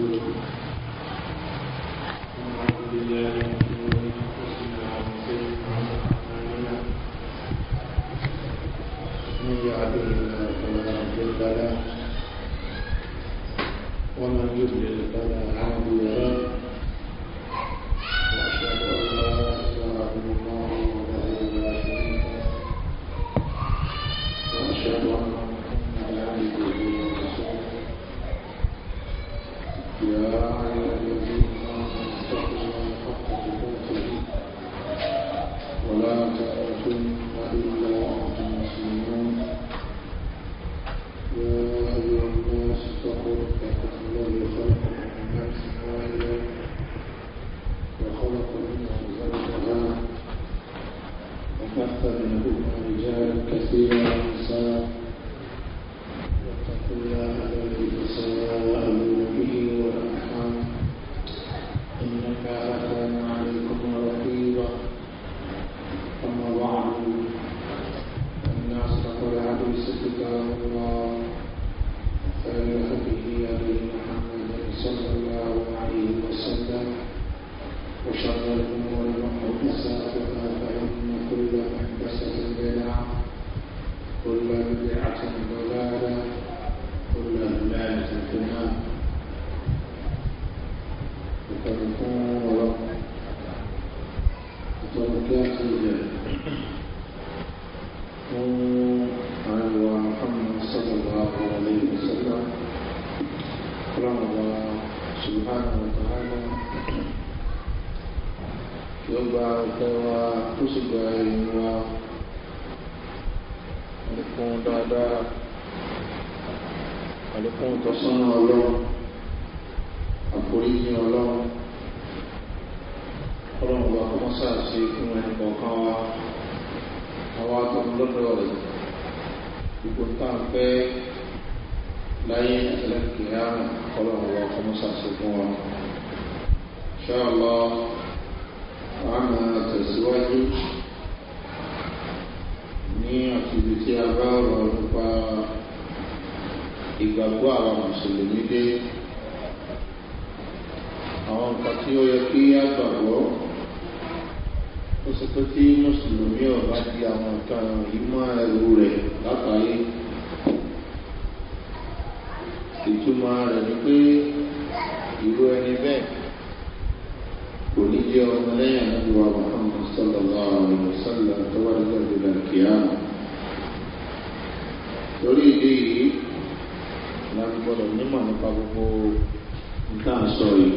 to sì gba ẹ̀yìn wa àlékún dáadáa àlékún tọ́sánà ọlọ́run àforíjì ọlọ́run ọlọ́run bá kọ́mọ́ sáàsì fún ẹni kọ̀ọ̀kan wa àwọn atọ́mọ lọ́dọ̀ rẹ̀ gbogbo táà ń fẹ́ láyé ẹlẹ́kẹ̀ẹ́ àrùn ọlọ́run bá kọ́mọ́ sáàsì fún wa àmà tẹ̀síwájú ní àtúndì tí a bá rọ̀ nípa ìgbàgbọ́ àwọn mùsùlùmí dé àwọn nǹkan tí ó yẹ kí á gbàgbọ́ ó sì pé tí mùsùlùmí ọ̀bá di àwọn nǹkan ìtumọ̀ rẹ̀ ni pé ìlú ẹni bẹ́ẹ̀ oníjẹ́ ọmọ lẹ́yìn àdúgbò muhammed sallallahu alayhi wa sallam tó wà nígbà tó dà kíámù. lórí ìdí yìí la ń gbọdọ̀ nípa gbogbo nǹkan sọ yìí.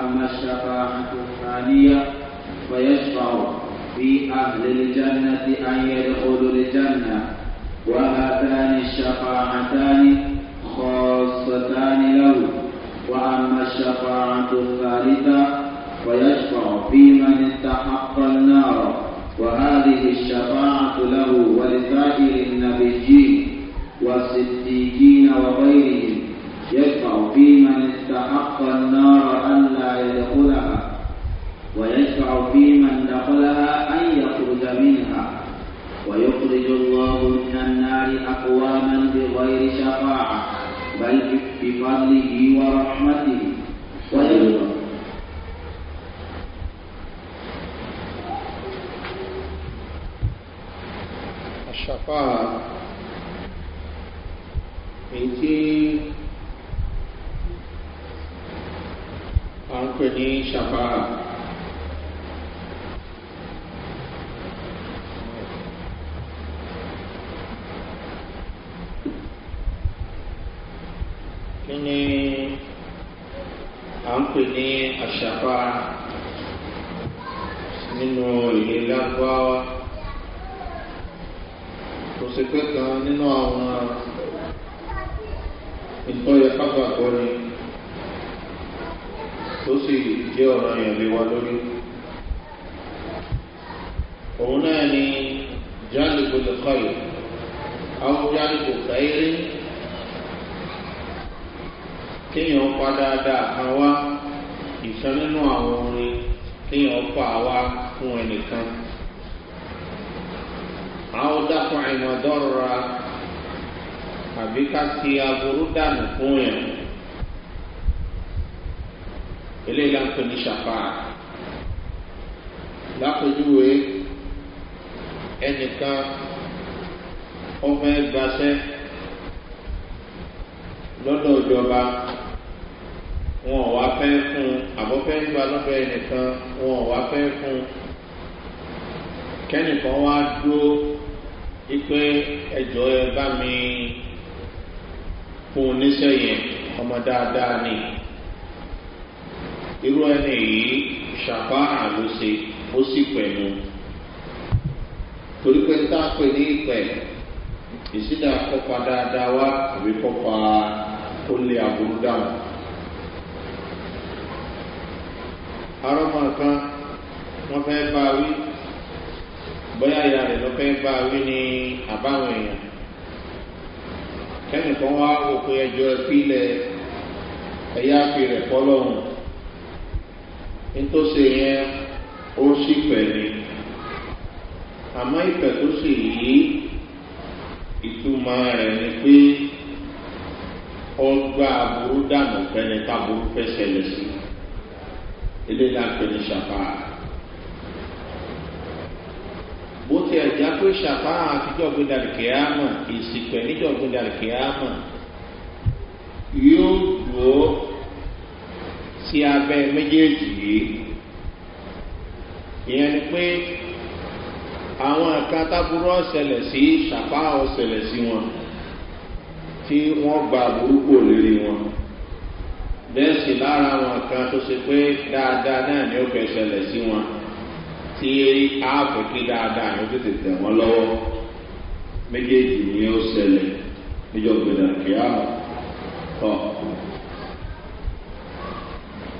أما الشفاعة الثانية فيشفع في أهل الجنة أن يدخلوا الجنة وهاتان الشفاعتان خاصتان له وأما الشفاعة الثالثة فيشفع في من استحق النار وهذه الشفاعة له ولسائر النبيين والصديقين وغيرهم يشفع في من استحق النار ألا يدخلها ويشفع في من دخلها أن يخرج منها ويخرج الله من النار أقواما بغير شفاعة بل بفضله ورحمته ويرضى الشفاعة من ń pè ní ṣàfáà. kí ni à ń pè ní àṣàfáà nínú ìlú lágbáwá kò sí pé kan nínú àwọn ìtọ́yẹ pápákọ̀ ni. tó sì jẹ́ ọ̀rọ̀ yẹn lé wa lórí. òun náà ni jáde gbọdọ̀ kọ́yọ̀ àwọn jáde kò kéèyàn pa dáadáa kan wá ìsan nínú àwọn orin kéèyàn pa wá fún ẹnìkan. àwọn dákun àìmọ̀ dọ́rọ̀ra ti aburú dànù fún yẹn. eléyìí là ń pè ní ṣàfà lápèjúwe ẹnìkan ọmọ ẹgbàṣẹ lọ́dọ̀ ìjọba wọn ò wá fẹ́ fún un àbọ̀fẹ́ gba lọ́dọ̀ ẹnìkan wọn ò wá fẹ́ fún un kẹ́nìkan wá dúró ipe ẹjọ́ ẹ bá mi fún un níṣẹ́ yẹn ọmọ dáadáa ni irú ẹni yìí ṣàfá àlùsẹ ó sì pẹ̀lú torí pé tá a pè ní ìpẹ́ ìsídà kọ́pa dáadáa wá àbí kọ́pa ó lé aburú dáhùn. arọ́mọ kan wọ́n fẹ́ bá wí bóyá ìyá rẹ̀ ló fẹ́ bá wí ní àbáwọn èèyàn kẹ́nìkan wá wò ẹjọ́ ẹbí lẹ ẹ̀yà fi rẹ̀ fọ́lọ́hùn nítòsí yẹn ó sì pẹ̀lú àmọ́ ìfẹ́ tó sì yí ìtumọ̀ rẹ̀ ni pé ọgbà aburú dànù fẹ́ni táburú fẹ́ ṣẹlẹ̀ sí eléyìí náà pè ní ṣàfà. bó ti ẹ̀já pé ṣàfà àtijọ́ gbẹdàrí kìámà ìsìnkú ẹ̀ níjọ́ gbẹdàrí kìámà yóò dùn sí abẹ́ méjèèjì yìí ìyẹn ni pé àwọn kan tábúrú ọ̀sẹ̀lẹ̀ sí ṣàfá ọ̀sẹ̀lẹ̀ sí wọn tí wọ́n gba burúkú òlérí wọn bẹ́ẹ̀ sì lára àwọn kan tó ṣe pé dáadáa náà ni ó fẹ́ ṣẹlẹ̀ sí wọn tí ààbò kí dáadáa ni ó tètè tẹ̀ wọ́n lọ́wọ́ méjèèjì ni ó ṣẹlẹ̀ níjọ́ gbẹdàkíá ọ̀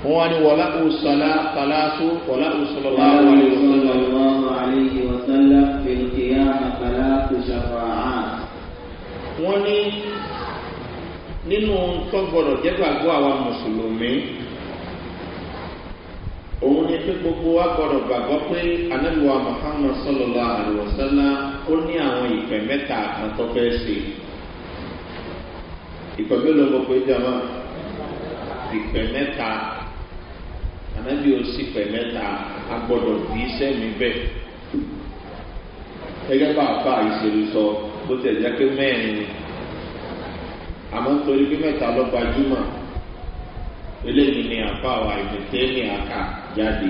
wọ́n wá ní wọ́lá òsàlá kàlásù wọ́lá òsàlá wọ́n ní nínú tó gbọ́dọ̀ jẹ́gbàgbọ́ àwa mùsùlùmí òun ni pé gbogbo wa gbọ́dọ̀ gbàgbọ́ pé anábìwá muhammad sọlọ́lá àlùwọ̀sánná ó ní àwọn ìpè mẹ́ta kan tó fẹ́ ṣe ìpè mélòó gbogbo ìjọba ìpè mẹ́ta ànábì ò sì pẹ̀ mẹ́ta agbọ́dọ̀ bí sẹ́mi bẹ́ẹ̀. gẹ́gẹ́ bá àfa ìṣèlú sọ bó tẹ̀ jẹ́ pé mẹ́rin ni àmọ́ nítorí pé mẹ́ta ló gbajúmọ̀ eléyìí ni àfa wa ìdíkẹ́ni àkà jáde.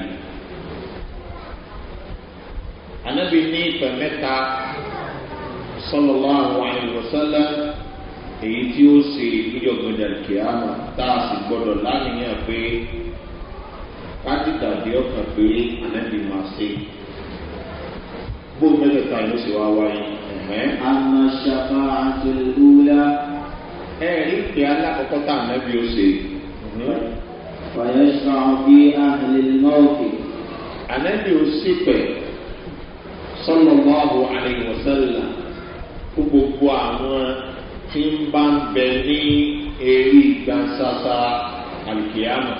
ànábì ní ìpẹ̀ mẹ́ta sọlọ́lá àwọn àìwòsánlá èyí tí ó ṣe ìjọba ìdàkẹ́ àmọ́ tá a sì gbọ́dọ̀ láníyàn pé kájí tàbí ọkàn péré ànábì máa ṣe gbóhùn mẹ́tẹ̀ẹ̀ta ló ṣe wá wáyé ẹ̀mẹ́. àmọ́ ṣàfà àtẹlẹ́wúlá. ẹ rí pé alákọ̀ọ́kọ́ tá ànábì ó ṣe. fàyẹ̀ ṣàn bí àhìlẹ̀ náà kì. ànábì ó sì pẹ̀ sọ́lọ́mọ́àbò àlẹ́wọ̀sẹ́lá fún gbogbo àwọn tí ń bá ń bẹ ní eré ìgbà sáṣá àlùkìyàmù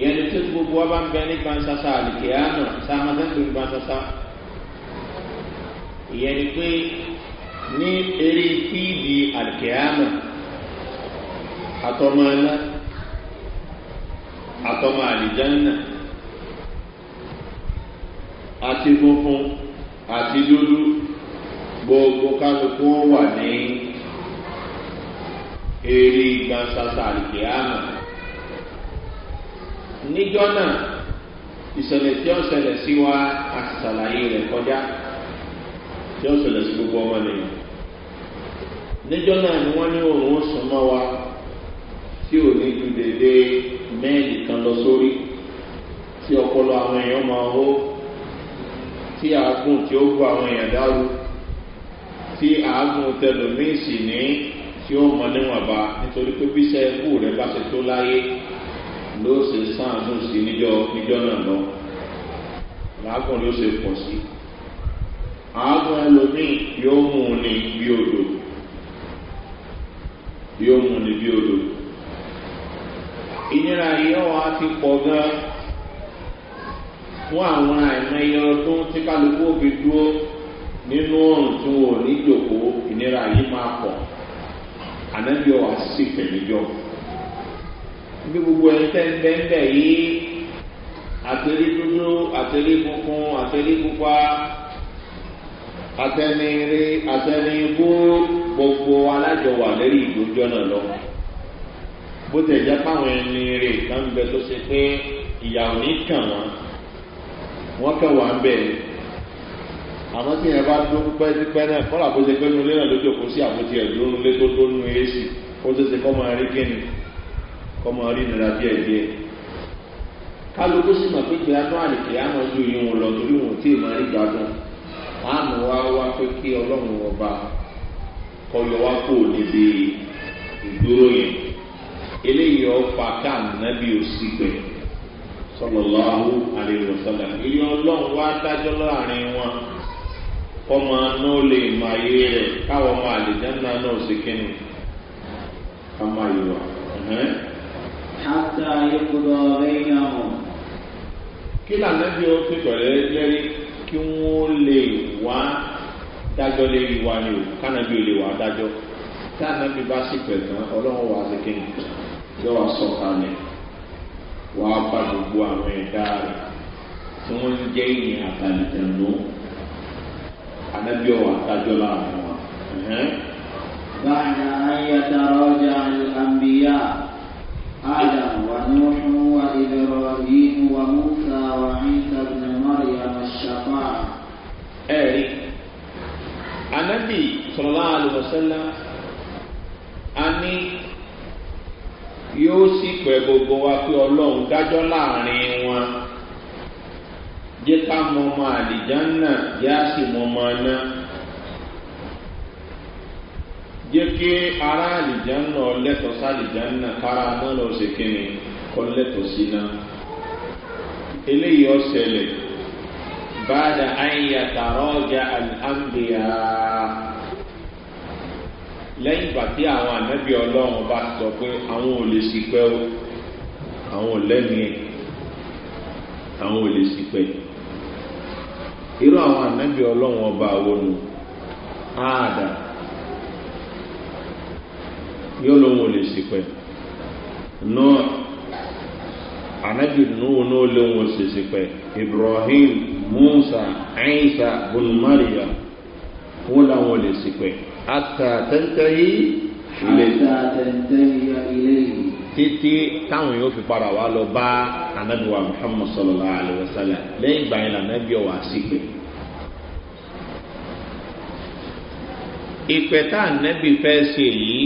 ìyẹn ní tí gbogbo wa bá ń bẹ ní gbansasa àlìkè àná sàmàtẹ́tù gbansasa ìyẹn ní pé ní eré fíìdì àlìkè àná àtọmọ ẹlẹ àtọmọ àlìjánná àti funfun àti dúdú gbogbo kálukú wà ní eré gbansasa àlìkè àná níjọ́ náà ìṣẹ̀lẹ̀ tí ó ṣẹlẹ̀ sí wa àti ṣàlàyé rẹ̀ kọjá tí ó ṣẹlẹ̀ sí gbogbo ọmọ nìyẹn níjọ́ náà ni wọ́n ní òun ó sùn mọ́ wa tí ò ní ju dédé mẹ́ẹ̀lì kan lọ sórí tí ọpọlọ àwọn èèyàn máa hó tí àágùn tí ó bu àwọn èèyàn dárú tí àágùn tẹlòmíì sì ní tí ó mọ níwọ̀nba nítorí pé bíṣẹ́ ikú rẹ̀ bá ṣe tó láyé. ló ṣe sáànù sí níjọ níjọ náà lọ làágùn ló ṣe pọ̀ sí àágùn ẹlòmíì yóò mú un ní bí odò yóò mú un ní bí odò ìnira yìí ti pọ̀ fún àwọn àìmọye ọdún tí kálukú òbí dúró nínú ọ̀rùn tí wọn ò ní jòkó ìnira yìí máa pọ̀ ànábìọ́ bí gbogbo ẹni tẹ́ ń bẹ́ ń bẹ̀ yìí àtẹ̀lé dúdú àtẹ̀lé funfun àtẹ̀lé pupa àtẹnire àtẹnibú gbogbo alájọwà lórí ìgbójọ́ náà lọ bó tẹ̀ jẹ́ páwọn ẹni rè kan bẹ tó ṣe pé ìyàwó ní kàn wọ́n wọ́n kàn wá ń bẹ̀ àmọ́ tí yẹn bá dún pẹ́ẹ́pẹ́ náà kọ́là bó ṣe pé nulẹ̀ náà lójókòó sí àbótiẹ̀ dúró nulẹ̀ tó dúró nulẹ̀ sí ó ṣe ṣe kọ́ máa rí kíni. kọmọ rí nira díẹ̀ díẹ̀ kálukú sì mọ̀ pé gbìyànjú àlèkè àmọ́ ju iye wọn lọ torí wọn tí ì máa rí gbádùn àmọ́ wá wá pé kí ọlọ́run ọba kọyọ wá kó níbi ìdúró yẹn eléyìí ọ̀pá pẹ̀ ọlọ́run wá dájọ́ láàrin wọn lè yé káwọn hátà ayékúrọ̀ bẹ́yìnàmọ̀. kí lànàbí ó fi pẹ̀lẹ́ lẹ́rí kí wọ́n lè wá dájọ́ lè wá ni o kánàbí ò lè wá dájọ́ kánàbí bá sì pẹ̀ tán ọlọ́run wà sí kí ni yóò wá sọ kalẹ̀ wà á bá gbogbo àwọn ẹ̀dá rẹ̀ tí wọ́n ń jẹ́ ìyìn àtàlìtẹ̀nù ànábì ọ̀wà àtàjọ́ láàrin wọn. báyìí ayé àtàrà ọjà àmì àmì yá. آدم ونوح وإبراهيم وموسى وعيسى ابن مريم الشفاعة أي النبي صلى الله عليه وسلم أني yóò sì pẹ gbogbo wa pé ọlọ́run dájọ́ láàrin wọn jẹ́ ọmọ ọmọ yeke ara àlìjáná lẹ́tọ̀ọ́ sálìjáná kára náà lọ sí kíni kọ́ náà. eléyìí ọ̀sẹ̀lẹ̀ báyà àyàtà rọ́ọ̀jà àlìhàmdìyà lẹ́yìn ìgbà tí àwọn ànábì ọlọ́run bá sọ pé àwọn ò lè sí pẹ́ o àwọn ò lẹ́mìí ẹ̀ àwọn ò lè sí pẹ́ irú àwọn ọba wo nu yóò lóun ò lè sìpẹ́ náà anabi nuhu náà lóun ò sì sìpẹ́ ibrahim musa aisa bunmaria wọn làwọn ò lè sìpẹ́ atatẹ́ntẹ́yì ilé títí táwọn yóò fi para wa lọ bá anabi wa muhammad sallallahu alayhi wa sallam lẹ́yìn ìgbà yẹn lànà bí ọwọ́ àsìpẹ́. ìpẹ́tà nẹ́bí fẹ́ ṣe yìí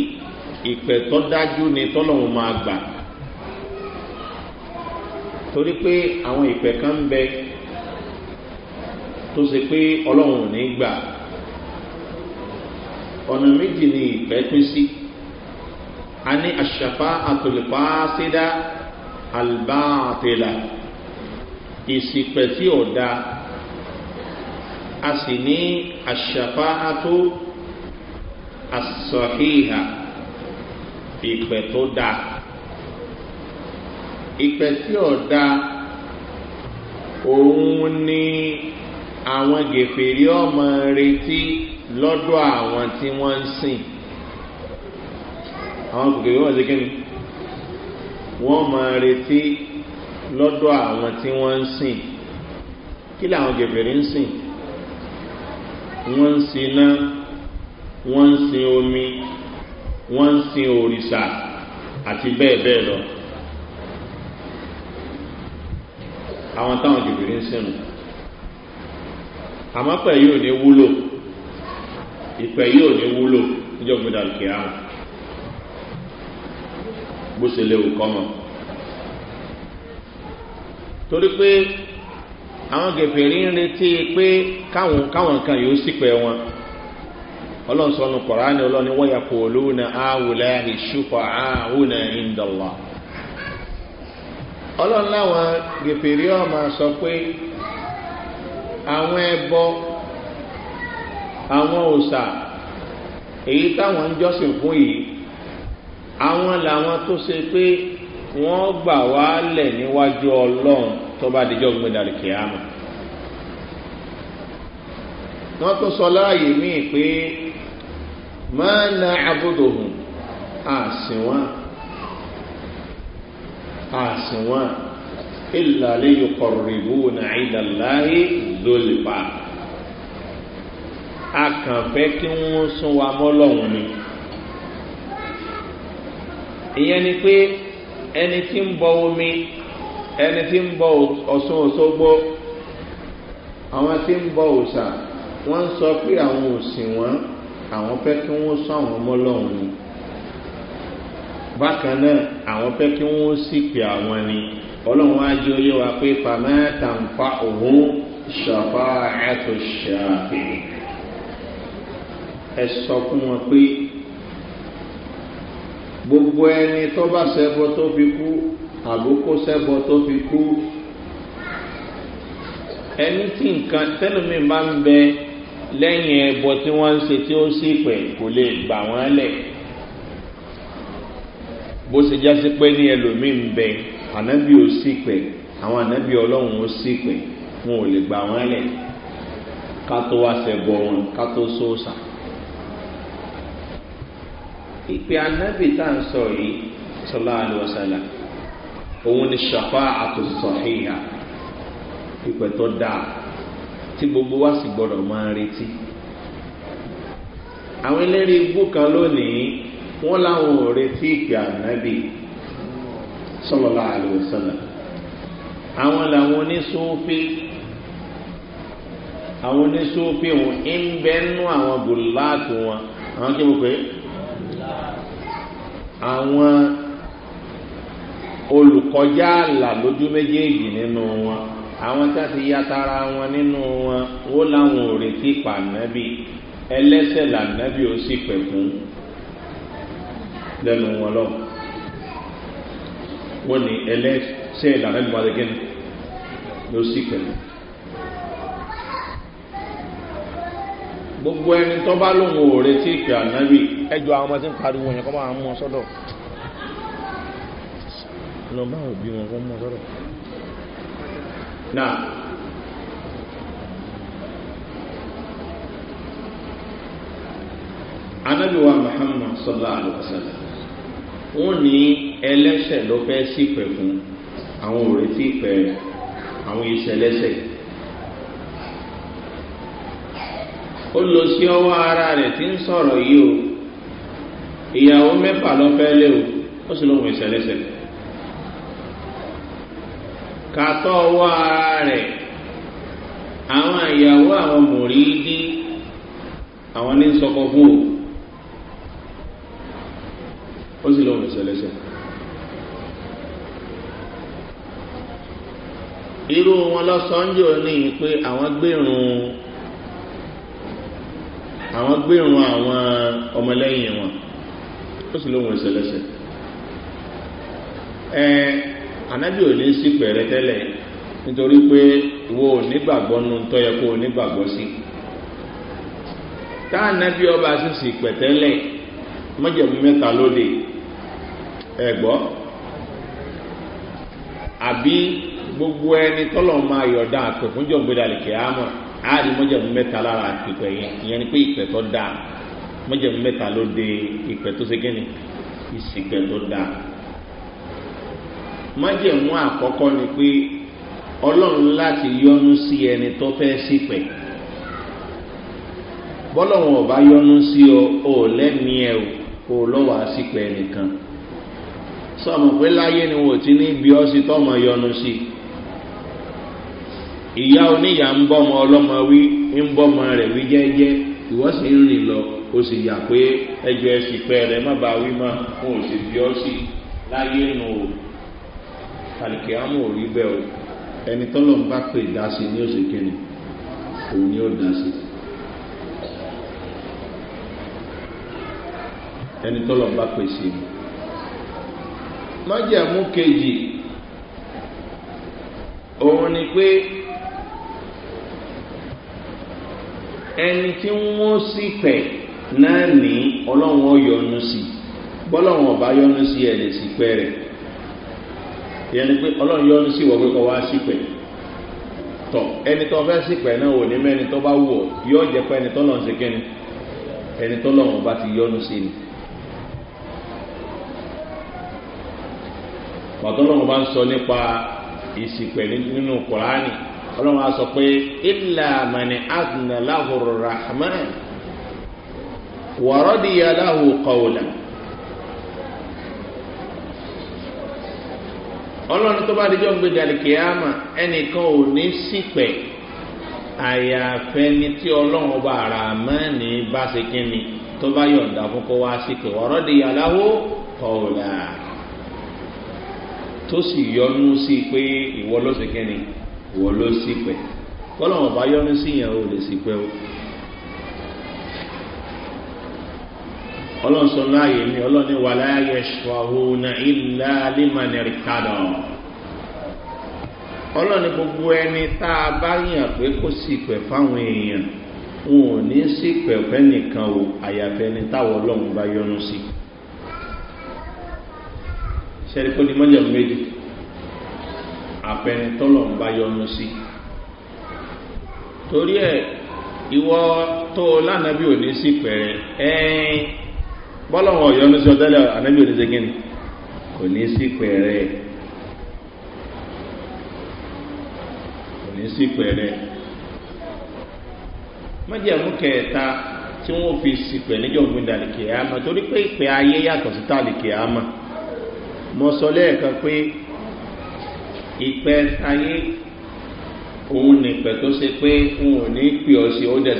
ìpẹ́ tó dájú ni tọ́lọ́hún máa gbà torí pé àwọn ìpẹ́ kan ń bẹ tó ṣe pé ọlọ́hún ò ní gbà ọ̀nà méjì ni ìpẹ́ pín sí a ní àṣàfà àtòlùpá sídá àlùbáàtìlà ìsìpẹ̀ tí ò da a sì ní àṣàfà àtò àṣàfihàn ìpè tó dáa ìpè tí ò dáa òun ni àwọn gèfèrí ọmọ retí lọ́dọ̀ àwọn tí wọ́n ń sìn àwọn gèfèrí wọ́n ṣe kíni wọ́n mọ retí lọ́dọ̀ àwọn tí wọ́n ń sìn kí làwọn gèfèrí ń sìn wọ́n ń sin iná wọ́n ń sin omi wọ́n ń sin òrìṣà àti bẹ́ẹ̀ bẹ́ẹ̀ lọ. àwọn táwọn jòbìrì ń sìnù àmọ́ pẹ̀ yóò ní wúlò ìpẹ̀ yóò ní wúlò níjọ́gbọ́dà òkè àwọn bó ṣe léwu kọ́mọ̀ torí pé àwọn gẹ̀fẹ̀rí ń retí pé káwọn káwọn kan yóò sì pẹ́ wọn ọlọ́run sọ̀nù kọ̀ránì ọlọ́ni wọ́n yà kó lóna àwòlẹ́ ìṣùkọ̀ àwòna ìndọ̀lá. ọlọ́run láwọn gèpèrè ọmọ sọ pé àwọn ẹbọ àwọn òòsà èyí táwọn ń jọ́sìn fún yìí àwọn làwọn tó ṣe pé wọ́n gbà wá lẹ̀ níwájú ọlọ́run tó bá dijọ́ gbẹdàlì kìámù. wọ́n tún sọ láàyè míì pé máa na àbúdòhùn àsìnwọ́n àsìnwọ́n ìlàlẹ́ yòkọ̀rìbù na ìdàláyé lólèpá a kàn fẹ́ kí wọ́n sún wa mọ́lọ́hùn ni ìyẹn ni pé ẹni tí ń bọ omi ẹni tí ń bọ ọ̀sán òṣogbo àwọn tí ń bọ òòṣà wọ́n sọ pé àwọn òsìn wọn àwọn fẹ́ kí wọ́n sọ àwọn ọmọ lọ́wọ́ ni bákan náà àwọn fẹ́ kí wọ́n sì pè àwọn ni ọlọ́run á jẹ́ oyé wa pé pàmẹ́tà ń fa òun ṣàfà ẹ̀tọ́ ṣàfì ẹ sọ fún wọn pé gbogbo ẹni tó bá sẹ́bọ tó fi kú àbókó sẹ́bọ tó fi kú ẹni tí nǹkan tẹ́lómi bá ń bẹ lẹ́yìn ẹbọ tí wọ́n ń ṣe tí ó sì pẹ̀ kò lè gbà wọ́n lẹ̀ bó ṣe jásí pé ní ẹlòmíín bẹ ànábì ó sì pẹ̀ àwọn ànábì ọlọ́run ó sì pẹ̀ wọn ò lè gbà wọ́n lẹ̀ ká tó wá ṣẹbọ wọn ká tó sóòsà ìpè ànábì tá à ń sọ yìí sọlá àlùwàsálà òun ni ṣàfà àtòsọ̀hìyà ìpè tó dáa tí gbogbo wa sì gbọdọ̀ máa retí. àwọn eléré igbó kan lónìí wọ́n láwọn ò retí ìpè ànábì sọlọ́lá àlùsọ̀lá àwọn làwọn oníṣòwòfé àwọn oníṣòwòfé wọn ń bẹ́nu àwọn bùláàtù wọn àwọn kí mo pè é àwọn olùkọjá àlà lójú méjèèjì nínú wọn àwọn tá ti ya tara wọn nínú wọn wó láwọn ò retí pa nábì ẹlẹ́sẹ̀ lànábì ó sì pẹ̀ fún lẹ́nu wọn lọ. wọ́n ní ẹlẹ́sẹ̀ lànábì wà lẹ́gẹ́ ló sì pẹ̀ fún. gbogbo ẹni tó bá lóun ò retí ìpè ànábì ẹjọ àwọn ọmọ tí ń pariwo yẹn kọ́ máa mú ọ sọ́dọ̀ lọ bá òbí wọn kọ́ mú ọ sọ́dọ̀ náà anábìwá muhammad sallallahu Alaihi Wasallam, sallam wọ́n ní ẹlẹ́sẹ̀ ló fẹ́ sípẹ̀ fún àwọn òrètí ìpẹ́ àwọn ìṣẹ̀lẹ́sẹ̀ ó lọ sí ọwọ́ ara rẹ̀ tí ń sọ̀rọ̀ yìí o ìyàwó mẹ́fà ló fẹ́ lé o ó sì lóhun ìṣẹ̀lẹ́sẹ̀ lẹ́sẹ̀. kàtọ́ ọwọ́ ara rẹ̀ àwọn ìyàwó àwọn mòrídì àwọn ní sọkọ fún o ó sì lọ́wọ́ ìṣẹ̀lẹ̀ṣẹ̀. irú wọn ní pé àwọn àwọn àwọn ọmọlẹ́yìn wọn ó sì lọ́wọ́ ìṣẹ̀lẹ̀ṣẹ̀. ẹ̀ẹ́ anábì ò ní sí pẹ̀rẹ́ tẹ́lẹ̀ nítorí pé ìwọ ò nígbàgbọ́ nu tó yẹ kó o nígbàgbọ́ sí tá anábì ọba sì sì pẹ̀tẹ́lẹ̀ mọ́jẹ̀mú mẹ́ta lóde ẹ̀gbọ́ àbí gbogbo ẹni tọ́lọ̀ máa yọ̀dá àpè fún jọ̀gbẹ́dà lè kẹ́ àmọ́ àárí mọ́jẹ̀mú mẹ́ta lára àpèpẹ̀ yẹn ìyẹn ni pé ìpẹ́ tó dáa mọ́jẹ̀mú mẹ́ta lóde ìpẹ́ tó ṣe gẹ́ni ìsìpẹ́ tó dáa. májẹ̀mú àkọ́kọ́ ni pé ọlọ́run láti yọnu sí ẹni tó fẹ́ sípẹ̀ bọ́lọ́run ọ̀bá yọnu sí ọ ò lẹ́mìí ẹ o lọ́wọ́ àsìpẹ̀ nìkan sọmọ pé láyé ni wò ti ní bí ọ sí tọmọ yọnu sí ìyá oníyà ń bọ́mọ ọlọ́mọ wí ń bọ́mọ rẹ̀ wí jẹ́jẹ́ ìwọ́ sì ń rìn lọ o sì yà pé ẹjọ́ sì pẹ́ rẹ̀ má bàa wí má wọn òsì sì bí ọ sí láyé nù o. àlìkèámù ò rí bẹ́ẹ̀ o ẹni tọ́lọ̀ ń bá pè dásí ní òsè kínní òun ni ó dásí. ẹni tọ́lọ̀ ń bá pè sí i. májàmú kejì òun ni pé ẹni tí wọ́n sì pẹ̀ náà ní ọlọ́run ọ̀yọ́nu sí bọ́lọ́run ọ̀bá yọ́nu sí ẹ̀ lè sì pẹ́ rẹ̀ ìyẹn ni pé ọlọ́run yọ́nu sí ìwọ̀ pé kọ́ wá sípẹ̀ tọ̀ ẹni tó fẹ́ sípẹ̀ náà ò ní mẹ́ni tó bá wù ọ́ yóò jẹ́ pé ẹni tó lọ́n ṣe kíni ẹni tó lọ́n ọba ti yọ́nu sí ni. pàtó lọ́run bá ń sọ nípa ìsìpẹ̀ nínú kùránì ọlọ́run á sọ pé ilà mani adùnà láhùrù rahman wàrọ́dìyà láhùrù kọ̀ọ̀lá. ọlọ́run tó bá dijọ́ ń gbé dàlìkìyàmà ẹnìkan ò ní sípẹ̀ àyàfẹ́ ni tí ọlọ́run ọba ara mẹ́ni bá ṣe kí ni tó bá yọ̀ǹda fún kó wá sípẹ̀ ọ̀rọ̀ di yàláwó kọ̀ọ̀là tó sì yọnu sí pé ìwọ ló ṣe kí ni ìwọ ló sípẹ̀ kọ́lọ́run ọba yọnu sí yẹn ò lè sípẹ̀ o. ọlọ́run sọ láàyè mi ọlọ́run ní wàlá ayé ṣùwàhùnà ilá límanẹ̀rì kadà ọlọ́run ní gbogbo ẹni tá a bá yàn pé kó sì pẹ̀ fáwọn èèyàn wọn ò ní sí pẹ̀pẹ́ nìkan o àyàfẹ́ ni táwọn ọlọ́run bá yọnu sí ṣẹ́ni kó ní mọ́jọ̀ méjì àfẹ́ni tọ́lọ́run bá yọnu sí torí ẹ̀ ìwọ tó lánàá bí ò ní sí pẹ̀rẹ̀ ẹ́ẹ́ bọ́lọ̀wọ̀ ọ̀yọ́nú sí ọ̀tẹ́lẹ̀ ànábì oníṣẹ́ gíní kò ní sí pẹ̀rẹ̀ kò ní sí pẹ̀rẹ̀ mọ́jẹ̀mú kẹta tí wọ́n fi sí pẹ̀ níjọ́ ògùn dàlìkì àmà torí pé ìpẹ́ ayé yàtọ̀ sí tàlìkì àmà mọ́ sọ lẹ́ẹ̀kan pé ìpẹ́ ayé òun nìpẹ̀ tó ṣe pé òun ò ní pè ọ́ sí ó dẹ̀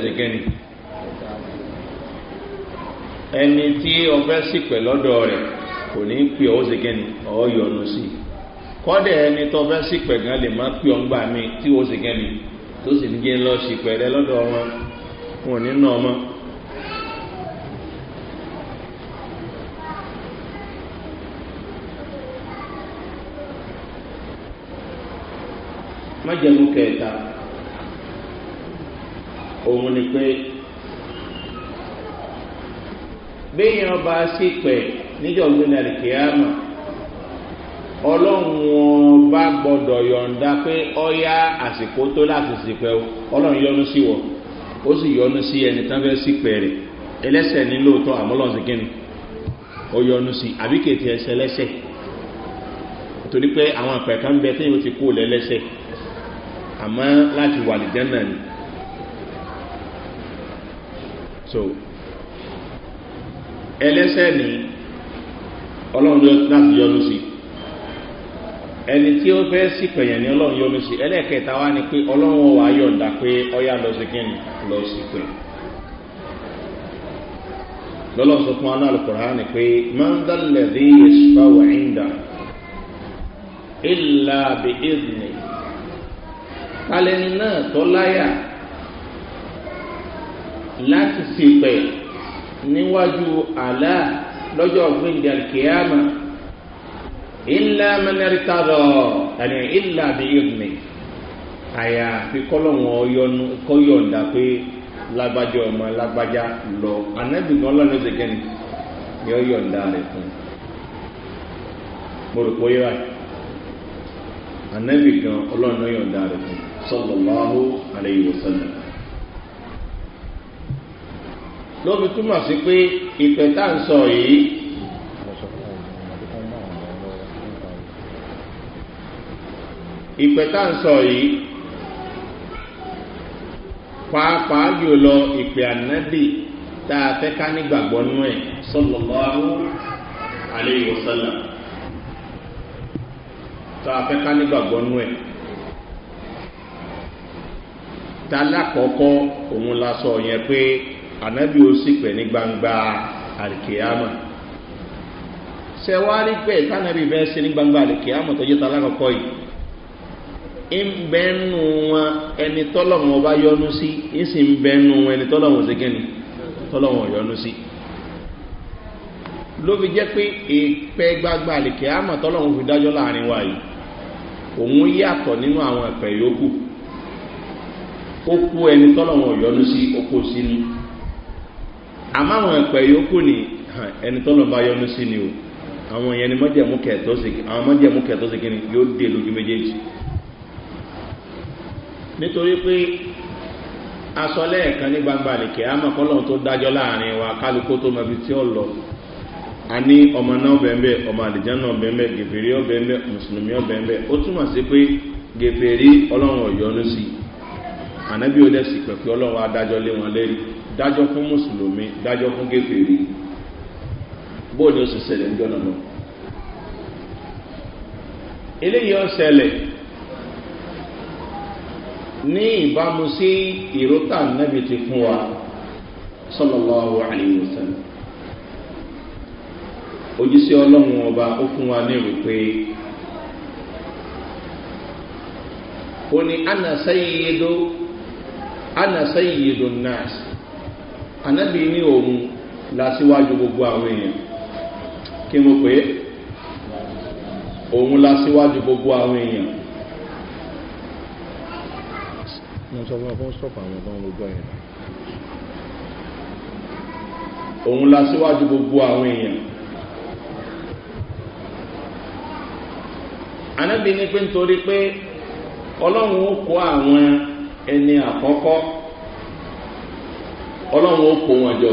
ẹni tí ọfẹ́ sì pẹ̀ lọ́dọ̀ rẹ̀ kò ní pè ọ́ ṣe ọ́ yọnu sí kọ́dẹ̀ ẹni tó fẹ́ sì pẹ̀ gan lè má pè ọ́ gbà mí tí ó ṣe tó sì ń gé lọ sí lọ́dọ̀ wọn ni pé béèyàn bá sì pẹ̀ níjọ̀gbìn àlìkèyàmà ọlọ́run ọba gbọ́dọ̀ yọ̀ǹda pé ọyá àsìkò tó láti sìpẹ́ o ọlọ́run yọnu sí wọ ó sì yọnu sí ẹni tán fẹ́ sìpẹ́ rẹ̀ ẹlẹ́sẹ̀ ní lóòótọ́ àmọ́lọ́run sí kíni ó yọnu sí àbí kètì ẹsẹ̀ lẹ́sẹ̀ torí pé àwọn àpẹ̀ kan bẹ tí yóò ti kú lẹ́lẹ́sẹ̀ àmọ́ láti wà lìjẹ́ náà ni. so ẹlẹ́sẹ̀ ní ọlọ́run láti yọnu sí ẹni tí ó fẹ́ sí pẹ̀yẹ̀ ní ọlọ́run yọnu sí ẹlẹ́kẹta wá ni pé ọlọ́run wà yọ̀ǹda pé ọyá lọ sí kíni lọ sí pé lọ́lọ́ sọ fún aná alukọ̀rá ni pé mandalẹ̀dí yẹsùfà ìndà ìlà ìdìní kálẹ́ni náà tọ́láyà láti sí pẹ̀yẹ̀. níwájú àlá lọ́jọ́ gbẹ̀ndẹ̀ alkiyama ilà mẹnẹrìtàdọ̀ ẹni ilà bíyìnbí àyà fi kọ́lọ́wọ́n ọyọ́nu kọ́yọ̀ǹda pé lágbájá ọmọ lágbájá lọ anábìgbọ́n ọlọ́run ṣe ni ó yọ̀ǹda rẹ̀ fún mo rò pé yíra anábìgbọ́n ọlọ́run yọ̀ǹda rẹ̀ fún sọ́dọ̀ náà. ló fi túmọ̀ sí pé ìpè tá à ń sọ yìí. ìpè tá à ń sọ yìí pàápàá jùlọ ìpè ànábì tá a fẹ́ ká nígbàgbọ́ nú ẹ̀ sọlọ́láhù aleyhi wa sallam tá a fẹ́ ká nígbàgbọ́ nú ẹ̀ tá a lákọ̀ọ́kọ́ òun la sọ yẹn pé. ànábì ó sì pẹ̀ ní gbangba àlìkèámà sẹwárí pẹ̀ tánàbì fẹ́ sí ní gbangba àlìkèámà tó jẹ́ talákọ̀ọ́kọ́ yìí ń bẹ́nu wọn ẹni tọ́lọ̀wọ̀n bá yọnu sí ń sì ń bẹ́nu fi jẹ́ pé ìpẹ́ gbagba àlìkèámà tọ́lọ̀wọ̀n fi dájọ́ láàrin wa yìí òun yàtọ̀ nínú àwọn yòókù ó kú ẹni yọnu sí ó kó àmáwọn ẹ̀pẹ̀ yòókù ni ẹni tọ́lọ̀ bá yọnu sí ni o àwọn ìyẹn ni mọ́jẹ̀mú kẹ̀tọ́ sí kíni yóò dé lójú méjèèjì nítorí pé asọ́lẹ̀ ẹ̀kan ní gbangba nìkẹ́ àmọ́kọ́lọ́hún tó dájọ́ láàrin wa kálukó tó mọbi tí ó lọ a ní ọmọ náà bẹ̀ẹ̀bẹ̀ ọmọ àdìjẹ́ náà bẹ̀ẹ̀bẹ̀ gèfèrí ọbẹ̀ẹ̀bẹ̀ mùsùlùmí ọbẹ̀ẹ̀bẹ̀ ó túmọ̀ sí pé gèfèrí ọlọ́run ọ̀yọ́nú sí ànábì ó dẹ̀ sì pẹ̀pẹ́ ọlọ́run adájọ́ lé wọn dájọ́ fún mùsùlùmí dájọ́ fún gẹ́fẹ̀ẹ́rí bó ni ó sì ṣẹlẹ̀ ń jọ́nà náà eléyìí ó ṣẹlẹ̀ ní ìbámu sí ìrótà nẹ́bi ti fún wa sọlọ́láhu alayhi wa sallam ojúṣe ọlọ́run ọba ó fún wa ní ìrùpé ana ana nas ànábì ní òun lásíwájú gbogbo àwọn èèyàn kí mo pé òun lásíwájú gbogbo àwọn èèyàn. mo sọ fún ọ fún stop àwọn ọgbọ́n gbogbo yẹn. òun lásíwájú gbogbo àwọn èèyàn. ànábì ní pé nítorí pé ọlọ́run ó kó àwọn ẹni àkọ́kọ́. ọlọ́run ó kó wọn jọ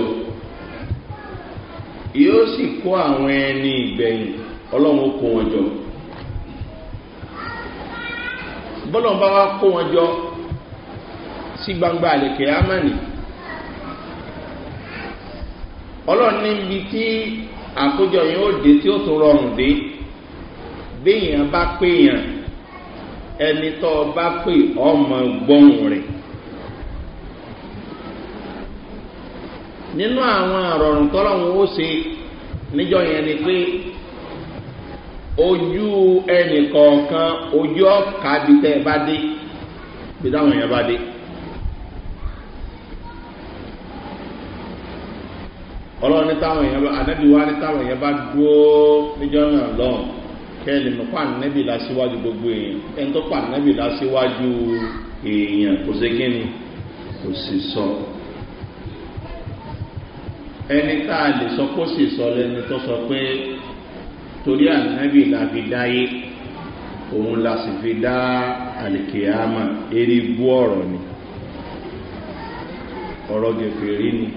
yóò sì kó àwọn ẹni ìgbẹ̀yìn ọlọ́run ó kó wọn jọ bọ́lọ̀ bá wá kó wọn jọ sí gbangba àlèkè ámánì ọlọ́run níbi tí àkójọ yẹn ó dé tí ó tún rọrùn dé béèyàn bá péyàn ẹni tó bá pè ọmọ gbọ́hùn rẹ̀. nínú àwọn àrọ̀rùn tọ́lọ́run ó ṣe níjọ yẹn ni pé ojú ẹnìkọ̀ọ̀kan ojú ọ̀ka bí tẹ́ ẹ bá dé bí táwọn èèyàn bá dé. ọlọ́run ní táwọn èèyàn anábì wá ní táwọn bá dúró náà kẹ́lì gbogbo èèyàn ẹni tó pàǹdẹ́bì lásìwájú èèyàn kò sí kíni kò sọ. So. ẹni tá a lè sọ kó sì sọ lẹni tó sọ pé torí ànábì la fi dáyé òun la sì fi dá àlìkèámà eré bú ọ̀rọ̀ ni ọ̀rọ̀ gẹ̀fẹ̀rí ni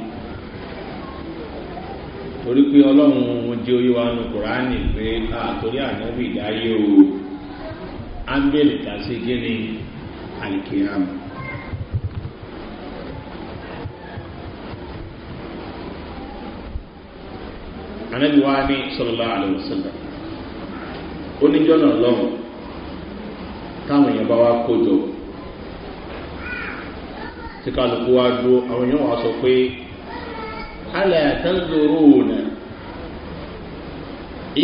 torí pé ọlọ́run jẹ́ oyé wa nu kùránì pé àtòrí ànábì dáyé o áńgẹ̀lì kà sí gíní àlìkèámà. anabi wa ni sọlọlá alẹ́wọ̀sọ̀lá oníjọ́ náà lọ́wọ́ táwọn èèyàn bá wá kójọ tí kálukú wá dúró àwọn èèyàn wá sọ pé alẹ́ àtẹ́lẹ́dọ̀rọ̀ òòlù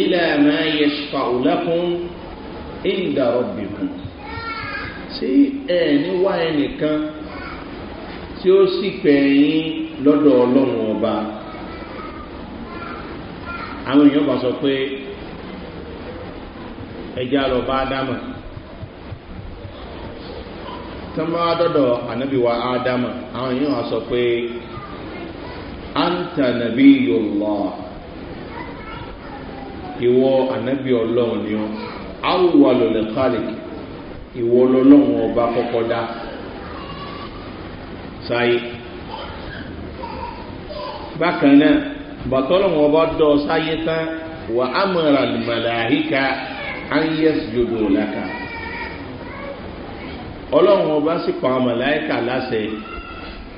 ilẹ̀ máa yẹ fàwùlẹ́kùn ìdàrọ̀ bìkún sí ẹ̀ níwá ẹnìkan tí ó sì pẹ̀yìn lọ́dọ̀ ọlọ́run ọba àwọn èèyàn bá sọ pé ẹjá lọ bá ádámà tó máa dọ́dọ̀ ànábíwá ádámà àwọn èèyàn wá sọ pé áńtà nàbí yòlọ ìwọ ànábí ọlọ́run ni ọ áwùwà lòlẹ̀ kárì ìwọ ọlọ́run ọba kọ́kọ́ dá sáyé bákan náà bàtọ́lọ́wọ́n bá dọ̀ sáyé tán wà á mọ̀ra màláhíkà áyẹ́sì jòdò làkà ọlọ́run ọba sì pa àwọn màláhíkà láṣẹ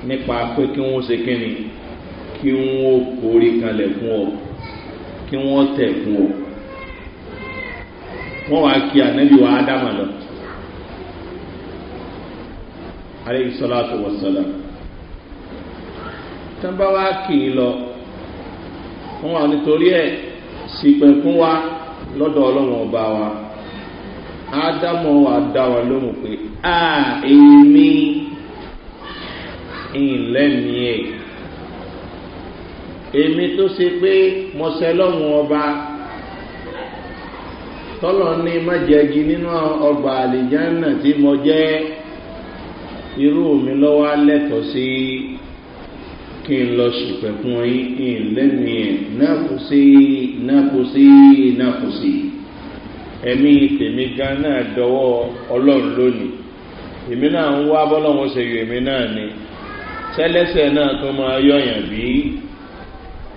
nípa pé kí wọ́n ṣe kíni kí wọ́n kórè kalẹ̀ fún ọ kí wọ́n tẹ̀ fún ọ wọ́n wá kí ànábì wa ádámà lọ aleyhi sọlá tó wọ sọlá tán wá kì í lọ fún wa nítorí ẹ̀ sípẹ̀ fún wa lọ́dọ̀ ọlọ́run ọba wa ádámù wa dá wa lóhùn pé a èmi ìlẹ́mìí ẹ̀ èmi tó ṣe pé mọ̀ṣẹ́ lọ́run ọba tọ́lọ̀ ní májẹ̀gi nínú ọgbà àlìjáná tí mo jẹ́ irú mi lọ́wọ́ lẹ́tọ̀ọ́ sí i. kí n lọ ṣùpẹ̀ fún yín in lẹ́mìí ẹ̀ náà kò sí náà kò sí náà kò sí ẹ̀mí tèmi gan dọwọ́ ọlọ́run lónìí èmi náà ń wá bọ́lọ́run ṣe yọ èmi náà ni náà tó máa yọ̀yàn bí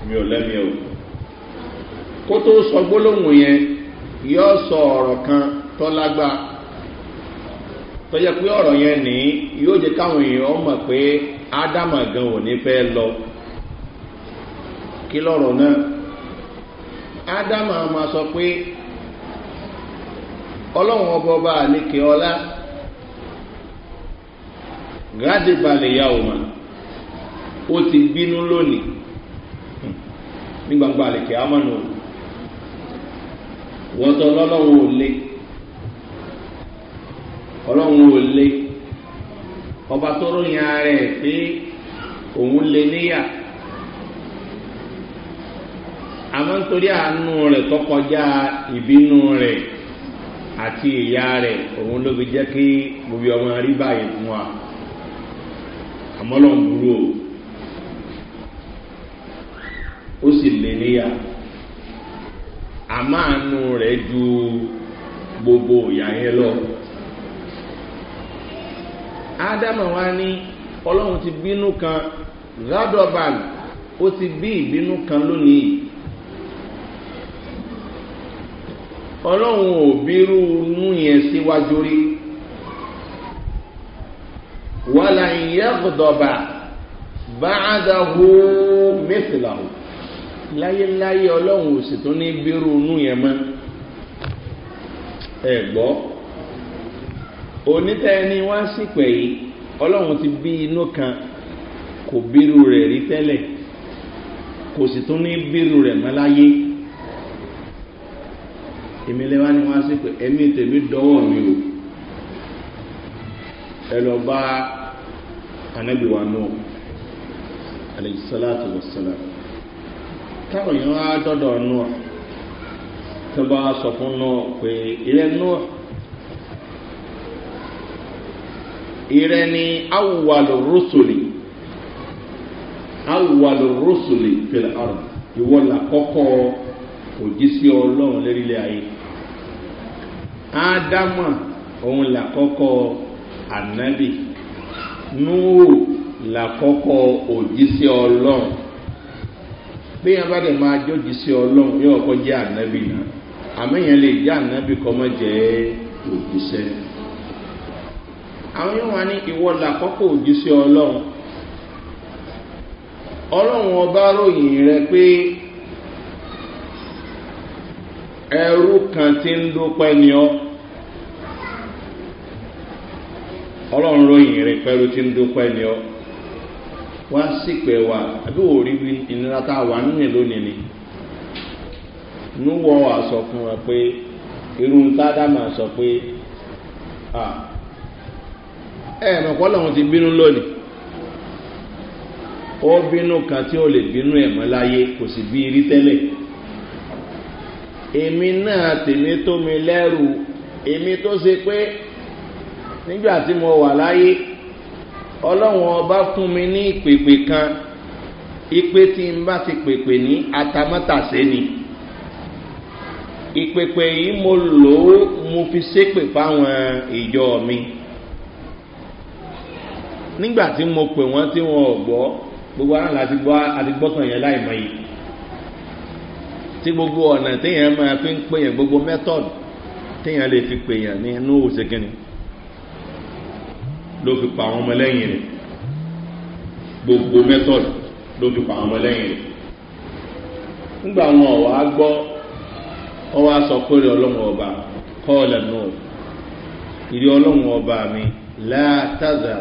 mi ò o kó tó sọ gbólóhùn yẹn sọ ọ̀rọ̀ kan ọ̀rọ̀ yẹn ni yóò jẹ́ káwọn èèyàn mọ̀ pé adama gan ò ní fẹ́ lọ kí lọ́rọ̀ náà adama ma sọ pé ọlọ́run ọba ọba àlékè ọlá gádìbalè ya òmà ó ti bínú lónìí ní gbangba amánu ọba tó ròyìn ara pé òun lè níyà àmọ́ nítorí àánú rẹ̀ tó kọjá ìbínú rẹ̀ àti ìyá rẹ̀ òun ló fi jẹ́ kí gbogbo ọmọ rí báyìí fún wa àmọ́ lọ́n burú o ó sì lè níyà àmọ́ àánú rẹ̀ ju gbogbo ìyá yẹn lọ. ádámà wa ní ọlọ́run ti bínú kan gádọ́bàn ó ti bí ìbínú kan lónìí ọlọ́run ò bírú nú yẹn síwájú rí wàlà ìyẹ́gùdọ̀bà bá àdáhù láyéláyé ọlọ́run ò sì tún ní bírú nú yẹn mọ́ ẹ̀ gbọ́. onítẹ̀ẹ́ni wá sípẹ̀ yìí ọlọ́run ti bí inú kan kò biru rẹ̀ rí tẹ́lẹ̀ kò sì tún ní bírú rẹ̀ mọ́ láyé èmi ni wá ẹ̀mí tèmi dọ́wọ́ mi o ẹ lọ bá anábìwá náà aleyhisalatu wasalam táwọn èèyàn á dọ́dọ̀ náà tó bá sọ fún pé ilẹ̀ ìrẹ ni awùwàlù rúsùlì awùwàlù rúsùlì fìlà ọ̀rọ̀ ìwọ là ojisi òjísé ọlọ́run lérílẹ̀ Adama òun là Nuwo ànábì ojisi là kọ́kọ́ òjísé ọlọ́run bí yẹn bá dẹ̀ máa jójísé ọlọ́run yóò kọ́ jẹ́ ànábì náà àmì yẹn lè àwọn yóò wá ní ìwọ làkọ́kọ́ òjì sí ọlọ́run ọlọ́run ọba ròyìn rẹ pé ẹrú kan ti ń dúpẹ́ ni ọ́ ọlọ́run ròyìn rẹ pẹ̀lú ti ń dúpẹ́ ni ọ́ wá sí pẹ̀ wá àbí wò rí ìnira tá a wà nílẹ̀ lónìí ni níwọ̀ wà sọ fún wa pé irun tá a dá máa sọ pé ah. ẹ̀ẹ̀mọ̀ pọ́lọ́run ti bínú lónìí ó bínú kan tí ó lè bínú ẹ̀mọ́ láyé kò sì bí irí tẹ́lẹ̀ èmi náà tèmi tó mi lẹ́rù èmi tó ṣe pé nígbà tí mo wà láyé ọlọ́run ọba fún mi ní ìpèpè kan ipe tí n bá ti pèpè ní atamátàsé ni ìpèpè yìí mo lò ó mo fi ṣépè fáwọn ìjọ mi. nígbà tí mo pè wọ́n tí wọn ò gbọ́ gbogbo ara láti gbọ́ àdìgbọ́tàn yẹn láì mọ̀ yìí tí gbogbo ọ̀nà téèyàn máa fi ń pè yẹn gbogbo mẹ́tọ̀dù téèyàn lè fi pè yẹn ní inú òṣèkínni ló fi pa àwọn ọmọlẹ́yìn rẹ̀ gbogbo mẹ́tọ̀dù ló fi pa àwọn ọmọlẹ́yìn rẹ̀ nígbà wọn ọ̀wá gbọ́ ọwọ́ aṣọ péré ọlọ́run ọba kọ́ ọ̀lẹ̀ náà ìrí ọlọ́run ọba mi látàzàrà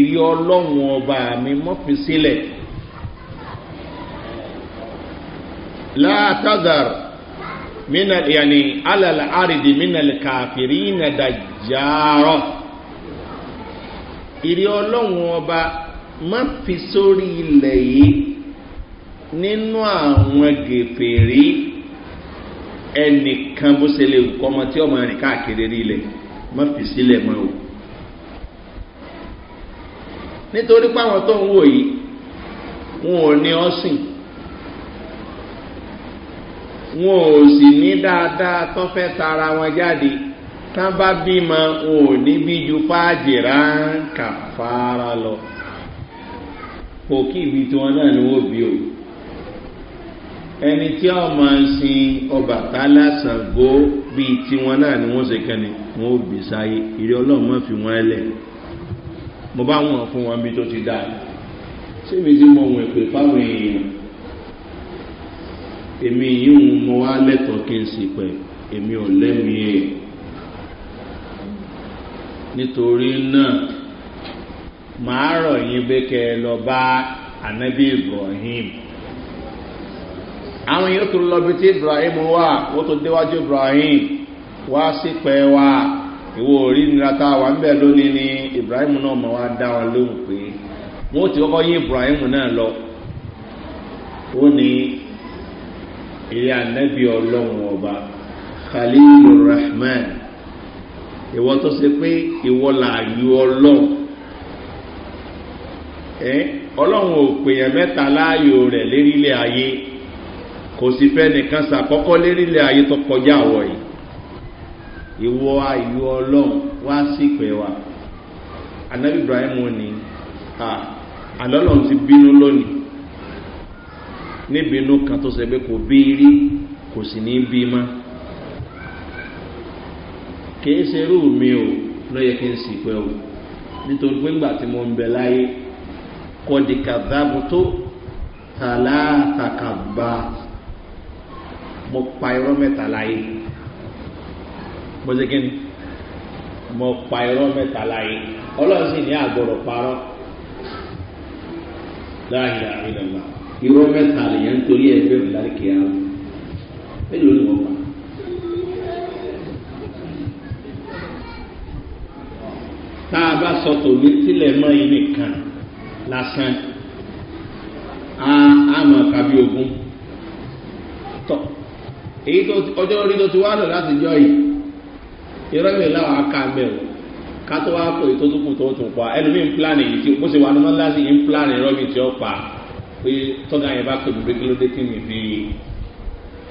ìrí ọlọ́run ọba mi mọ́fin sílẹ̀ látàdàr mina yanni alala aridi mina kàfìrí na dàjàrọ ìrí ọlọ́run ọba mọ́fin sórí ilẹ̀ yìí nínú àwọn gèfèrè ẹnìkan bó ṣe lè kọ́ ọmọ tí ọmọ rìn káàkiri rí ilẹ̀ mọ́fin sílẹ̀ mọ́ o nítorí pé àwọn tó ń wò yìí wọn ò ní ọ̀sìn wọn ò sì ní dáadáa tán fẹ́ tara wọn jáde tán bá bímọ wọn ò ní bí ju fáàjì ránkà fara lọ kò kí ibi tí wọn náà ni wọn bí o ẹni tí wọn máa ń sin ọba tálá sàngó bíi tiwọn náà ni wọn ṣe kẹ́ni wọn ò gbèsáyé ìrẹ́ ọlọ́run má fi wọn ẹlẹ́ẹ̀ mo bá wọn fún wọn bí tó ti dá ṣé mi ti mọ ohun èpè fáwọn èèyàn èmi yìí ń mo wá lẹ́tọ̀ọ́ kí n sì pẹ̀ èmi ò lẹ́mìí ẹ̀ e. nítorí náà màá rọ̀ yín pé kẹ́ ẹ lọ bá anabi ibrahim àwọn yóò tún lọ bí tí ibrahim wà ó tún déwájú ibrahim wá sí pẹ́ wá ìwọ orí nira tá a wà ń bẹ̀ lónìí ni ibrahim náà máa wá dá wọn lóhùn pé wọn ó ti kọ́kọ́ yí ibrahim náà lọ ó ní ilé anabi ọlọ́run ọba khalilu rahman ìwọ tó ṣe pé ìwọ làáyú ọlọ́run ẹ ọlọ́run ò pèèyàn mẹ́ta láàyò rẹ̀ lérílẹ̀ ayé kò sì fẹ́ nìkan ṣàkọ́kọ́ lérílẹ̀ ayé tó kọjá àwọ̀ yìí ìwọ ayò ọlọ́run wá sí ìpẹ́ wa anabi ibrahim wọn ni àlọ́lọ́run ti bínú lónìí níbinú kan tó ṣe pé kò bí rí kò sì ní bí mọ́ kìí ṣe irú mi o ló yẹ kí n sì pẹ́ o nítorí pé ńgbà tí mo ń bẹ láyé kọ́dí kàdáàbò tó tàlàtàkàgbà mo pa irọ́ mẹ́ta láyé mo ṣe kí ni mo pa irọ́ mẹ́ta láyé ọlọ́run sì ní àgbọ̀rọ̀ parọ́ láàyè àìlọ́lá irọ́ mẹ́ta lèyàn torí ẹgbẹ́ mi lálẹ́kẹ̀ẹ́ àwọn mélòó ni wọ́n pa. tá a bá sọ tòmí tilẹ̀ mọ́ yìí nìkan lásán a a mọ̀ kábí ogun tọ̀ èyí tó ọjọ́ orí tó ti wá lọ láti jọ yìí irọ́ ìwé láwọn aká mẹ́rin ká tó wá pé tó tó kù tó tún pa ẹlòmíín pílánì yìí tí bó ṣe wà ní mọ́láṣí yìí ń pílánì irọ́ mi tí ó pa pé tọ́gà yẹn bá pèmí pé kí ló dé tí mi fi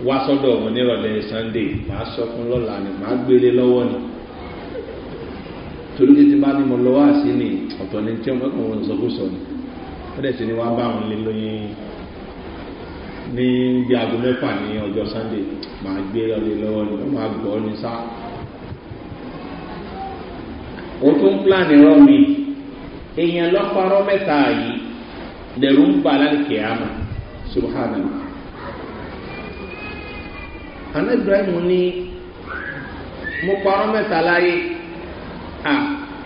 wá sọ́dọ̀ ọ̀hún nírọ̀lẹ́ sunday màá sọ fún lọ́la ni màá gbélé lọ́wọ́ ni torí títí bá ní mo lọ́wọ́ àṣì ni ọ̀tọ̀ ni tí ọmọ kan sọ kó sọ ni ó dẹ̀ sì ni wọ́n bá wọn lé lóyún ní bí aago mẹ́fà ní ọjọ́ sunday màá gbé lọ́wọ́ ni wọ́n máa gbọ́ ní sáà ó tún pílánì rán mi èèyàn lọ́pàárọ̀ mẹ́ta yìí lẹ́rù ń bà lálùkè àmà ni mo parọ́ mẹ́ta láyé à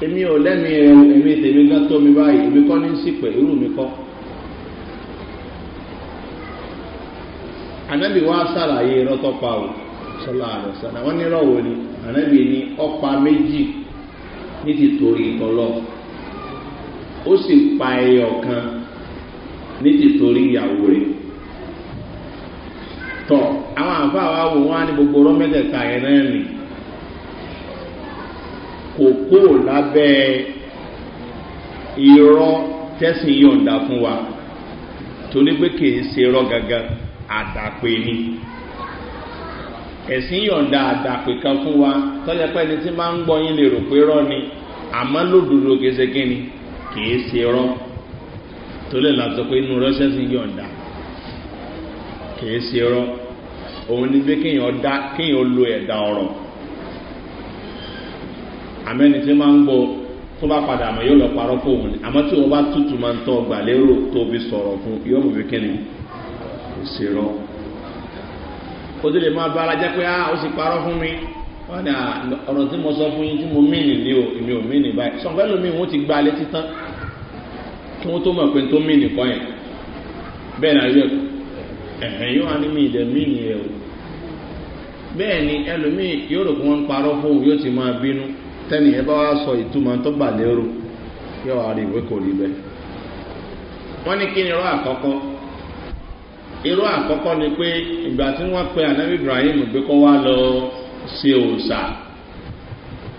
èmi ò lẹ́mi ẹ̀rù èmi tèmi gán tó mi báyìí èmi kọ́ ní sípẹ̀ irú mi kọ́. anabi wa sàlàyé pa o sọlá anabi ọ̀pá nítìtorí tọlọ ó sì pa ẹyọ kan nítìtorí ìyàwó rẹ tọ àwọn àfáà wa wò wọn á ní gbogbo ọrọ yẹn náà nì kò kó lábẹ irọ́ yọ̀ǹda fún wa torí pé kìí ṣe irọ́ gangan àdàpè ni ẹ̀sìn yọ̀ǹda àdàpè kan fún wa tọ́jà pé ẹni tí máa ń gbọ́ yín lè ni àmọ́ lódodo kìí ṣe kí ni kìí ṣe rọ́ tó lè làtọ̀ pé inú rọ́ ṣẹ́sìn yọ̀ǹda kìí ṣe rọ́ òun ni pé kéèyàn lo ẹ̀dá ọ̀rọ̀ àmẹ́ni tí máa ń gbọ́ tó bá padà àmọ́ yóò lọ parọ́ fóun ni àmọ́ tí wọ́n bá tútù máa ń tọ́ ọgbà lérò tó fi sọ̀rọ̀ fún yóò mú fi rọ́ ó ti lè máa bá ara jẹ́ pé ah, ó sì parọ́ fún mi wọ́n ní ọ̀rọ̀ tí mo sọ fún yín tí mo mìnì ní o èmi ò mìnì báyìí mi wọ́n ti gba alẹ́ títán kí wọ́n tó mọ̀ pé tó mìnì kọ́ yẹn bẹ́ẹ̀ ni ayé ẹ̀kọ́ ẹ̀hẹ̀n yóò wá o bẹ́ẹ̀ ni ẹlòmíì yóò rò pé wọ́n ń parọ́ fóun yóò ti máa bínú ẹ bá wá sọ ìtumọ̀ tó gbà lérò yóò wá rí ìwé kò rí bẹ́ẹ̀ wọ́n kí ni irọ́ àkọ́kọ́ irọ́ àkọ́kọ́ ṣe òòṣà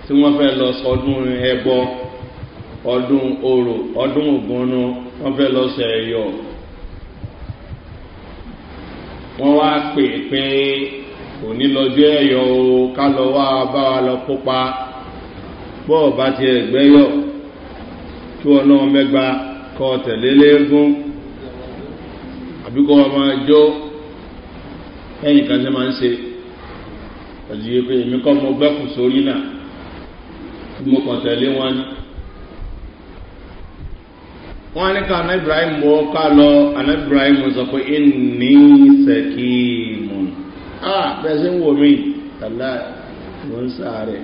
tí wọ́n fẹ́ lọ sọdún ẹbọ ọdún orò ọdún ògúnnú wọ́n fẹ́ lọ sọ ẹ̀yọ wọ́n wá pè pé òní lọ́jọ́ ẹ̀yọ o ká lọ wá bá wa lọ kópa bọ́ọ̀ bá ti ẹ̀gbẹ́yọ̀ kí ọlọ́run mẹ́gba kọ tẹ̀lé léegun àbíkọ́ ọmọ ẹjọ́ ẹ̀yìn kan ṣe máa ń ṣe ọ̀sì yìí pé èmi kọ́ mo gbẹ́kù sórí náà tí mo kàn tẹ̀lé wọn ni. wọ́n ní ká aná ibrahim wọ́ ká lọ aná ibrahim sọ pé ẹnì sẹ́kì mọ̀ á bẹ́ẹ̀ sẹ́ ń wò mí tàlá mo ń sáré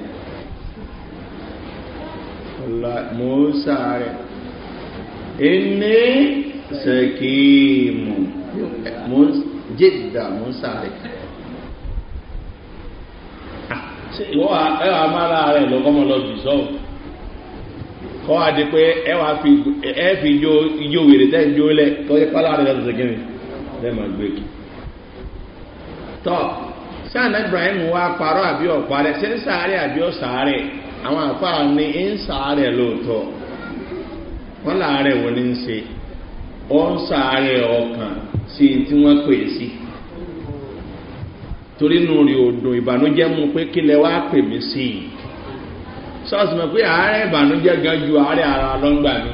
mo ń sáré ẹnì sẹ́kì mọ̀ mo ń sáré ṣe ìwọ́ ẹ wàá má ara rẹ̀ lọ́kọ́ mọ́ lọ bì sọ́ọ̀ kọ́ adé pé ẹ wàá fi ẹ fi ijó ijó wèrè tẹ́ ń jó lẹ̀ kọ́ ẹ pálá rẹ̀ lọ́sọ̀tẹ̀ kí ni ẹ máa gbé kí. tọ́ sànà ibrahim wa parọ́ àbí ọ̀pá rẹ̀ ṣé ń sàárẹ̀ àbí ọ̀sàárẹ̀ àwọn àfáà ní ń sàárẹ̀ lóòótọ́ wọ́n láàárẹ̀ wọ́n ní ń ṣe ó ń sàárẹ̀ ọkàn sí tí wọ́n pè é sí. Si torí inú rí odùn ìbànújẹ́ mú pé kí lẹ wá pè mí sí i sọ́ọ̀sì mọ̀ pé ààrẹ ìbànújẹ́ gan ju ààrẹ ara lọ́ngbà mi.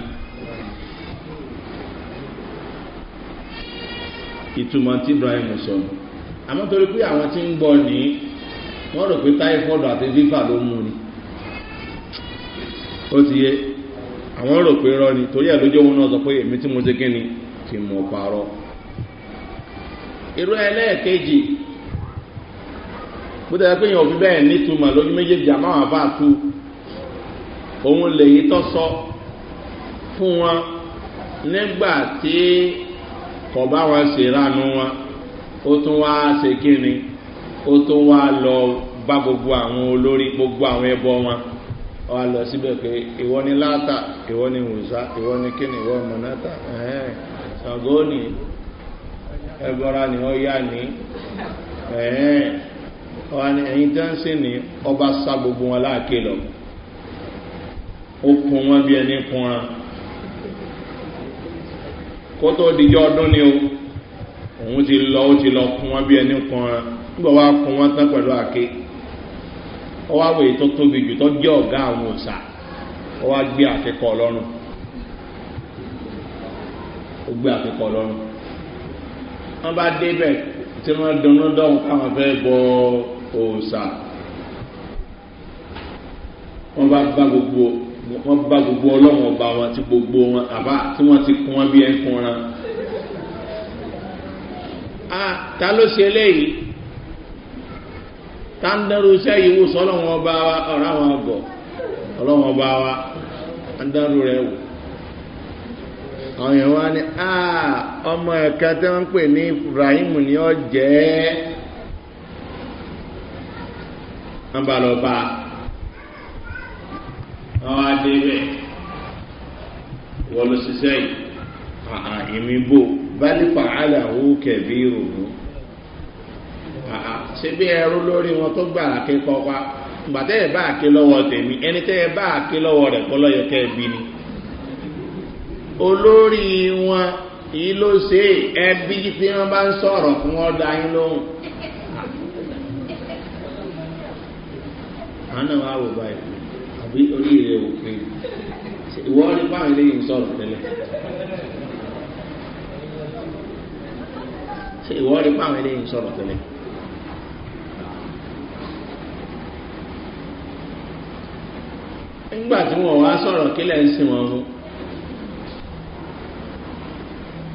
ìtumọ̀ tí ibrahim sọ àmọ́ torí pé àwọn tí ń gbọ́ ní wọ́n rò pé táífọ́ọ̀dù àti fífà ló mú ni ó ti yé àwọn rò pé rọ ni torí ẹ̀ lójú òun náà sọ pé èmi tí mo ṣe kí ni kì í mọ̀ pààrọ̀ irú ẹlẹ́ẹ̀kejì bó tẹ̀lé pé èèyàn òbí bẹ́ẹ̀ nítumọ̀ lójú méjèèjì àbáwọn àbá tu òun lèyí tó sọ fún wọn nígbà tí kò bá wọn ṣe ránu wọn ó tún wá ṣe kíni ó tún wá lọ bá gbogbo àwọn olórí gbogbo àwọn ẹbọ wọn wọ́n lọ síbẹ̀ pé ìwọ ni láta ìwọ ni wùsá ìwọ ni kíni ìwọ ni mọ̀nátà ẹ̀hẹ́n ṣàgóòní ẹgbọ́ra ni ó yá ní ẹ̀hẹ́n wà ní ẹ̀yìn dánsì ní ọba sá gbogbo wọn láàké lọ ó kún wọn bí ẹni kúnra kó tó dijọ́ ọdún ni o òun ti lọ ó ti lọ kún wọn bí ẹni kúnra nígbà wá kún wọn tán pẹ̀lú àké ọwọ́ àwọ̀ èyí tó tóbi jù tó jẹ́ ọ̀gá àwọn òòsà ọwọ́ gbé àfikọ́ ọlọ́run ó gbé àfikọ́ ọlọ́run wọ́n bá débẹ̀ tí wọ́n dunnú dọ́hùn káwọn fẹ́ bọ́ ọ. òòsà wọn bá bá gbogbo wọn bá gbogbo ọlọ́run ọba wọn ti gbogbo wọn àbá tí wọ́n ti kún wọn bí kún ta ló ṣe eléyìí ta ń iṣẹ́ yìí wò sọ ọlọ́run ọba wa ọ̀rọ̀ àwọn ọbọ̀ ọba wa ń wò àwọn èèyàn ọmọ ẹ̀ka tí wọ́n wọ́n bá lọ bá wọ́n wá dé bẹ̀ wọ́n lọ ṣiṣẹ́ yìí àà èmi bò bálí fàálà ó kẹ̀bí òun àà ṣé bí ẹrú lórí wọn tó gbà akẹ́kọ̀ọ́ pa gbàtẹ́ ẹ̀ bá àké lọ́wọ́ tèmi ẹni tẹ́ ẹ bá àké lọ́wọ́ rẹ̀ kọ́ lọ́yọ̀ kẹ́ ni olórí wọn yìí ló ṣe ẹbí tí wọn bá ń sọ̀rọ̀ fún wọn dá lóhùn. àwọn náà wá wò báyìí àbí oríire òpin ìwọ rí báyìí lè ń sọ̀rọ̀ tẹ́lẹ̀ ìwọ rí báyìí lè ń sọ̀rọ̀ tẹ́lẹ̀. nígbà tí wọn wá sọ̀rọ̀ kílẹ̀ ń sìn wọn fún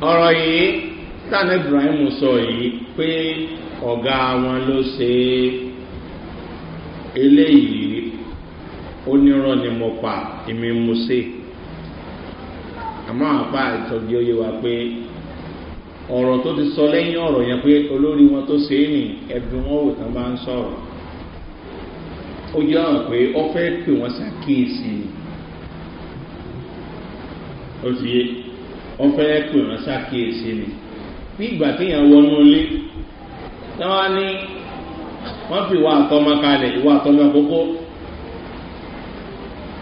ọ̀rọ̀ yìí tánà ibrahim sọ yìí pé ọ̀gá wọn ló ṣe é eléyìí onírọ̀ ni mo pa èmi mo ṣe àmọ́ àpá ìtọ́jú oyè wa pé ọ̀rọ̀ tó ti sọ lẹ́yìn ọ̀rọ̀ yẹn pé olórí wọn tó ṣe é nì ẹ̀dùn wọn wò tán bá ń sọ̀rọ̀ ó jẹ́ hàn pé ó fẹ́ pè wọ́n ṣàkíyèsí ó ti yé ó fẹ́ pè wọ́n ṣàkíyèsí ni bí ìgbà téèyàn wọnú ilé táwa ní wọ́n fi ìwà àtọ́mọ kalẹ̀ ìwà àtọ́mọ kókó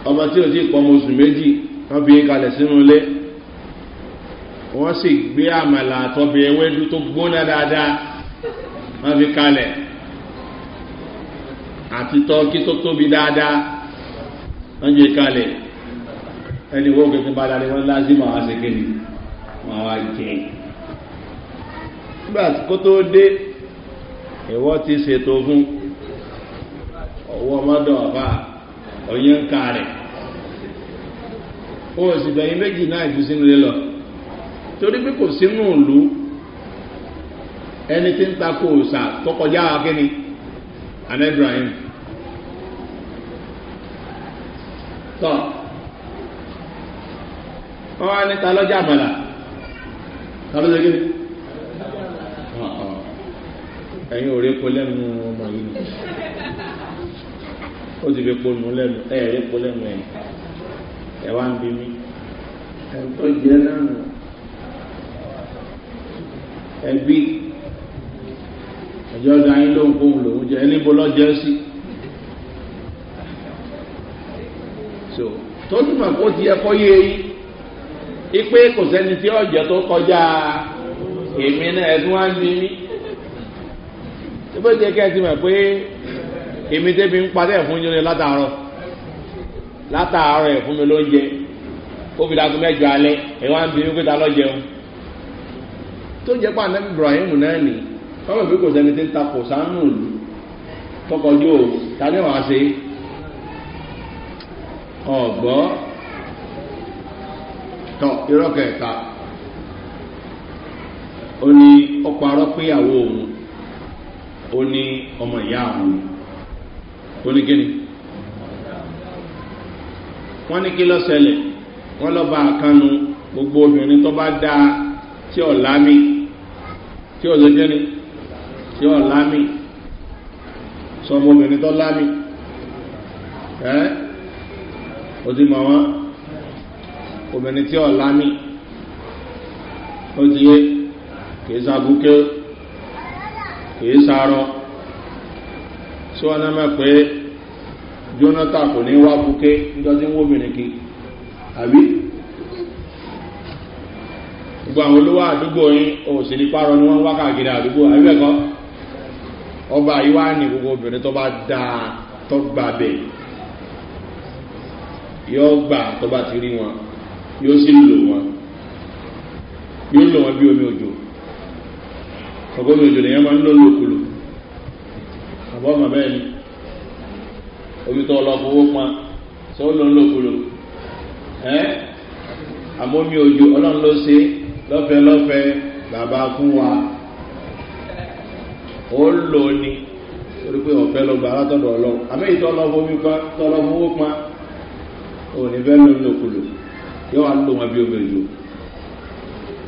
ọmọ tí o ti pọ̀ ọmọ oṣù méjì wọ́n fi kalẹ̀ sínú ilé wọ́n sì gbé àmàlà àtọ́bí ewédú tó gbóná dáadáa wọ́n fi kalẹ̀ àti tọ́kí tó tóbi dáadáa wọ́n gbé kalẹ̀ ẹni wọ́n gbé fún balẹ̀ wọ́n lásì máa wá ṣe kéde máa wá jẹ́ nígbà tó tó dé. ìwọ́ ti ṣètò fún ọwọ́ mọ́dọ̀ ọ̀fà ọ̀yẹ́ ń o sì bẹ̀yìn méjì náà sínú lọ torí pé kò sínú ìlú ẹni tí ń takò òòsà tọkọjá akíní tọ́ lọ́jà ẹ̀yìn òré po lẹ́nu ọmọ yìí nù ó ti fi ponú lẹ́nu ẹ̀rẹ́ po lẹ́nu ẹ̀ ẹ̀wá ń bí mi ẹ̀tọ́ jẹ́ lánàá ẹbí ẹjọ́ da yín lóhùn kóhùn lòún jẹ ẹníbo lọ́jọ́ sí so tó túmọ̀ kó ti ẹ̀kọ́ yé yín ipe kò sẹ́ni tí ọ̀jẹ̀ tó kọjá èmi náà ẹ̀dùn wá ń bí mi bó jẹ́ kẹ́ ẹ ti mọ̀ pé èmi débi ń padà ẹ̀fún yín látàárọ̀ látàárọ̀ ẹ̀fún mi ló ń jẹ ó fi dàgbọ́ mẹ́jọ alẹ́ ẹ̀ wá ń bí wípé ta lọ jẹun tó jẹ́ pé anabi ibrahim náà nì fọlọ́ bí kò sẹ́ni tí ń ta kò sánú ìlú tọkọjú o ta ni wàá ṣe ọ̀gbọ́ tọ irọ́ kẹta ó ní ọkọ̀ arọ́ pé ìyàwó òun ó ní ọmọ ìyá àwọn ó ní kíni wọ́n ní kí lọ́sẹ̀lẹ̀ wọ́n lọ́ba àkánu gbogbo obìnrin tó bá dáa tí ọ̀la mi tí ọ̀zọ́ jẹ́ni tí ọ̀la mi sọmọ obìnrin tó lá mi ẹ́ ó ti mọ̀ wọ́n obìnrin tí ọ̀la mi ó ti yé kì í sagun kéwòn. kìí sáárọ́ tí wọ́n náà mẹ́ pé jonathan kò ní wá buké níjọ́ tí ń kí àbí gbogbo àwọn olówó àdúgbò yín òsèlú párọ ni wọ́n wá àdúgbò àbí ọba yìí wá ní gbogbo obìnrin tó bá dáa tó gbà yóò gbà tó bá ti rí wọn yóò sì lò omi òjò ọgọ́rùn òjò nìyẹn máa ń lò lòkulò àbọ̀ ọmọ bẹ́ẹ̀ ni omi tó lọ fowó pọn tó lò lòkulò ẹ́ àmọ́ omi òjò ọlọ́run ló ṣe lọ́fẹ̀ẹ́ lọ́fẹ̀ẹ́ bàbá fún wa ó lò ní orí pé ọ̀fẹ́ lọ gbà látọ̀dọ̀ ọlọ́run àmọ́ èyí tó lọ fowó pọn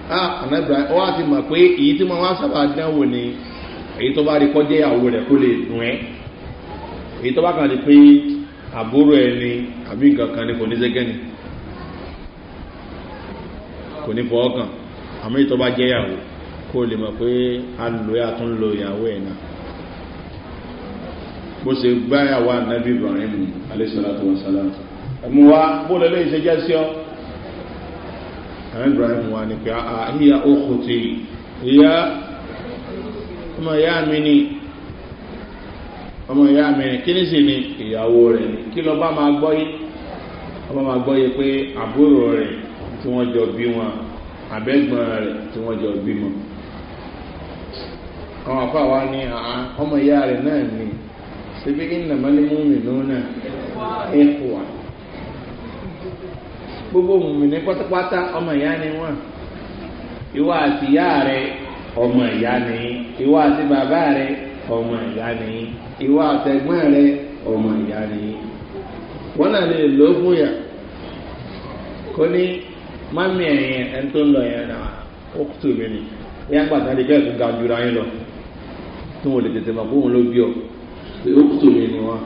anabra o wa ti ma pe eyi ti ma wa saba danwo ni eyi to ba ri ko je yawo re ko le dun e eyi to ba kan di pe aburu e ni abi nkan kan ni ko ni segeni ko ni fo okan amo to ba je yawo ko le mo pe a lo ya tun lo yawo e na bó ṣe gbá yàwó anabi ibrahim alayhi salatu wa salam ẹmu wa bó lele ìṣe jẹ ọ àwọn ibrahim wà ní pé àà híyà òkú ti ìyá ọmọ ìyá mi ni ọmọ ìyá mi ni kí ní sì ni ìyàwó rẹ̀ ni kí lọ bá máa gbọ́ yí ọba máa gbọ́ yí pé àbúrò rẹ̀ tí wọ́n jọ bí wọn àbẹ́gbọ̀n rẹ̀ tí wọ́n jọ bí wọn àwọn àpá wa ní ah, ah, ọmọ ìyá rẹ̀ náà ni ṣe bí kí ní nàmọ́lẹ́mú mi lónà ẹ̀kọ́ wa. gbogbo mùmìnì pátápátá ọmọ ìyá ni wọn ìwọ àti ìyá rẹ ọmọ ìyá ni ìwọ àti bàbá rẹ ọmọ ìyá ni ìwọ àtẹgbọn rẹ ọmọ ìyá ni wọn náà lè lò fún yà kó ní mami ẹni tó ń lọ yẹn náà ó tù mí ni ìyá gbàtà lè bẹ́ẹ̀ tó ga yín lọ tí wọn lè tètè mọ̀ fún wọn ló bí ọ ó tù mí ni wọn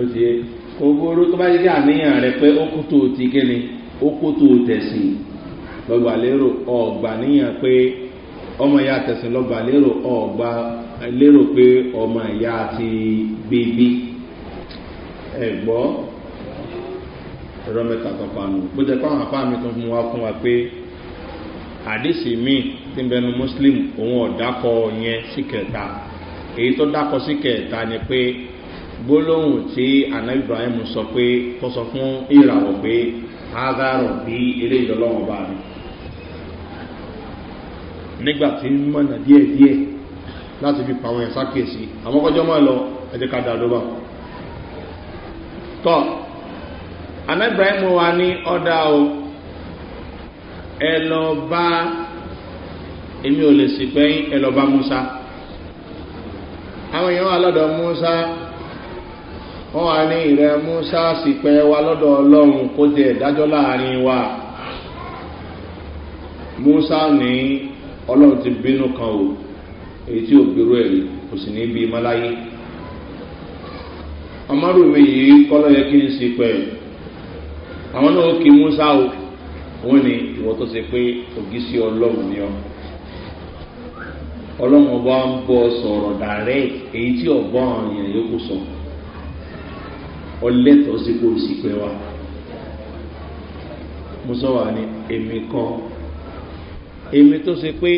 ó ti yé. ogoro tó bá yẹ kí àníyàn rẹ pé ó kú tó ti kéde ó kú tó tẹ̀sìn lọ́gbà lérò ọ̀gbà níyàn pé ọmọ ìyá tẹ̀sìn lọ́gbà lérò ọ̀gbà lérò pé ọmọ ìyá ti bíbí ẹ̀gbọ́ ẹ̀rọ mẹ́ta tọpanu bó jẹ́ pé àwọn àpá mi tó fún wa fún wa pé àdìsí míì tí ń bẹnu muslim òun ọ̀dàkọ yẹn sí kẹta èyí tó dákọ sí kẹta ni pé gbólóhùn tí àná ibrahim sọ pé tó sọ fún ìràwọ̀ pé ágàrọ̀ bí eré ìdọ́lọ́wọ́ bá mi nígbà tí ń mọ̀nà díẹ̀díẹ̀ láti fi pàwọn ẹ̀ sákèsí àwọn kọjọ́ mọ́ lọ ẹ̀jẹ̀ ká dàdó bá tọ́ àná ibrahim wa ní ọ̀dà o ẹ lọ bá èmi ò lè sì pẹ́yìn ẹ lọ bá musa àwọn èèyàn wà lọ́dọ̀ musa. wọ́n wá ní ìrẹ musa pe wa lọ́dọ̀ ọlọ́run kó jẹ ìdájọ́ láàrin wa musa ní ọlọ́run ti bínú kan o èyí tí ò gbèrú ẹ̀ kò sì ní bí yìí kọ́lọ́ yẹ kí n sípẹ́ àwọn náà kí musa o wọ́n ní ìwọ tó ṣe pé ni ọ ọlọ́run ọba ń sọ̀rọ̀ dàrẹ́ èyí tí yẹn ọlẹ́tọ̀ọ́ sí kó sì pẹ́ wa mo sọ wà ní èmi kan èmi tó ṣe pé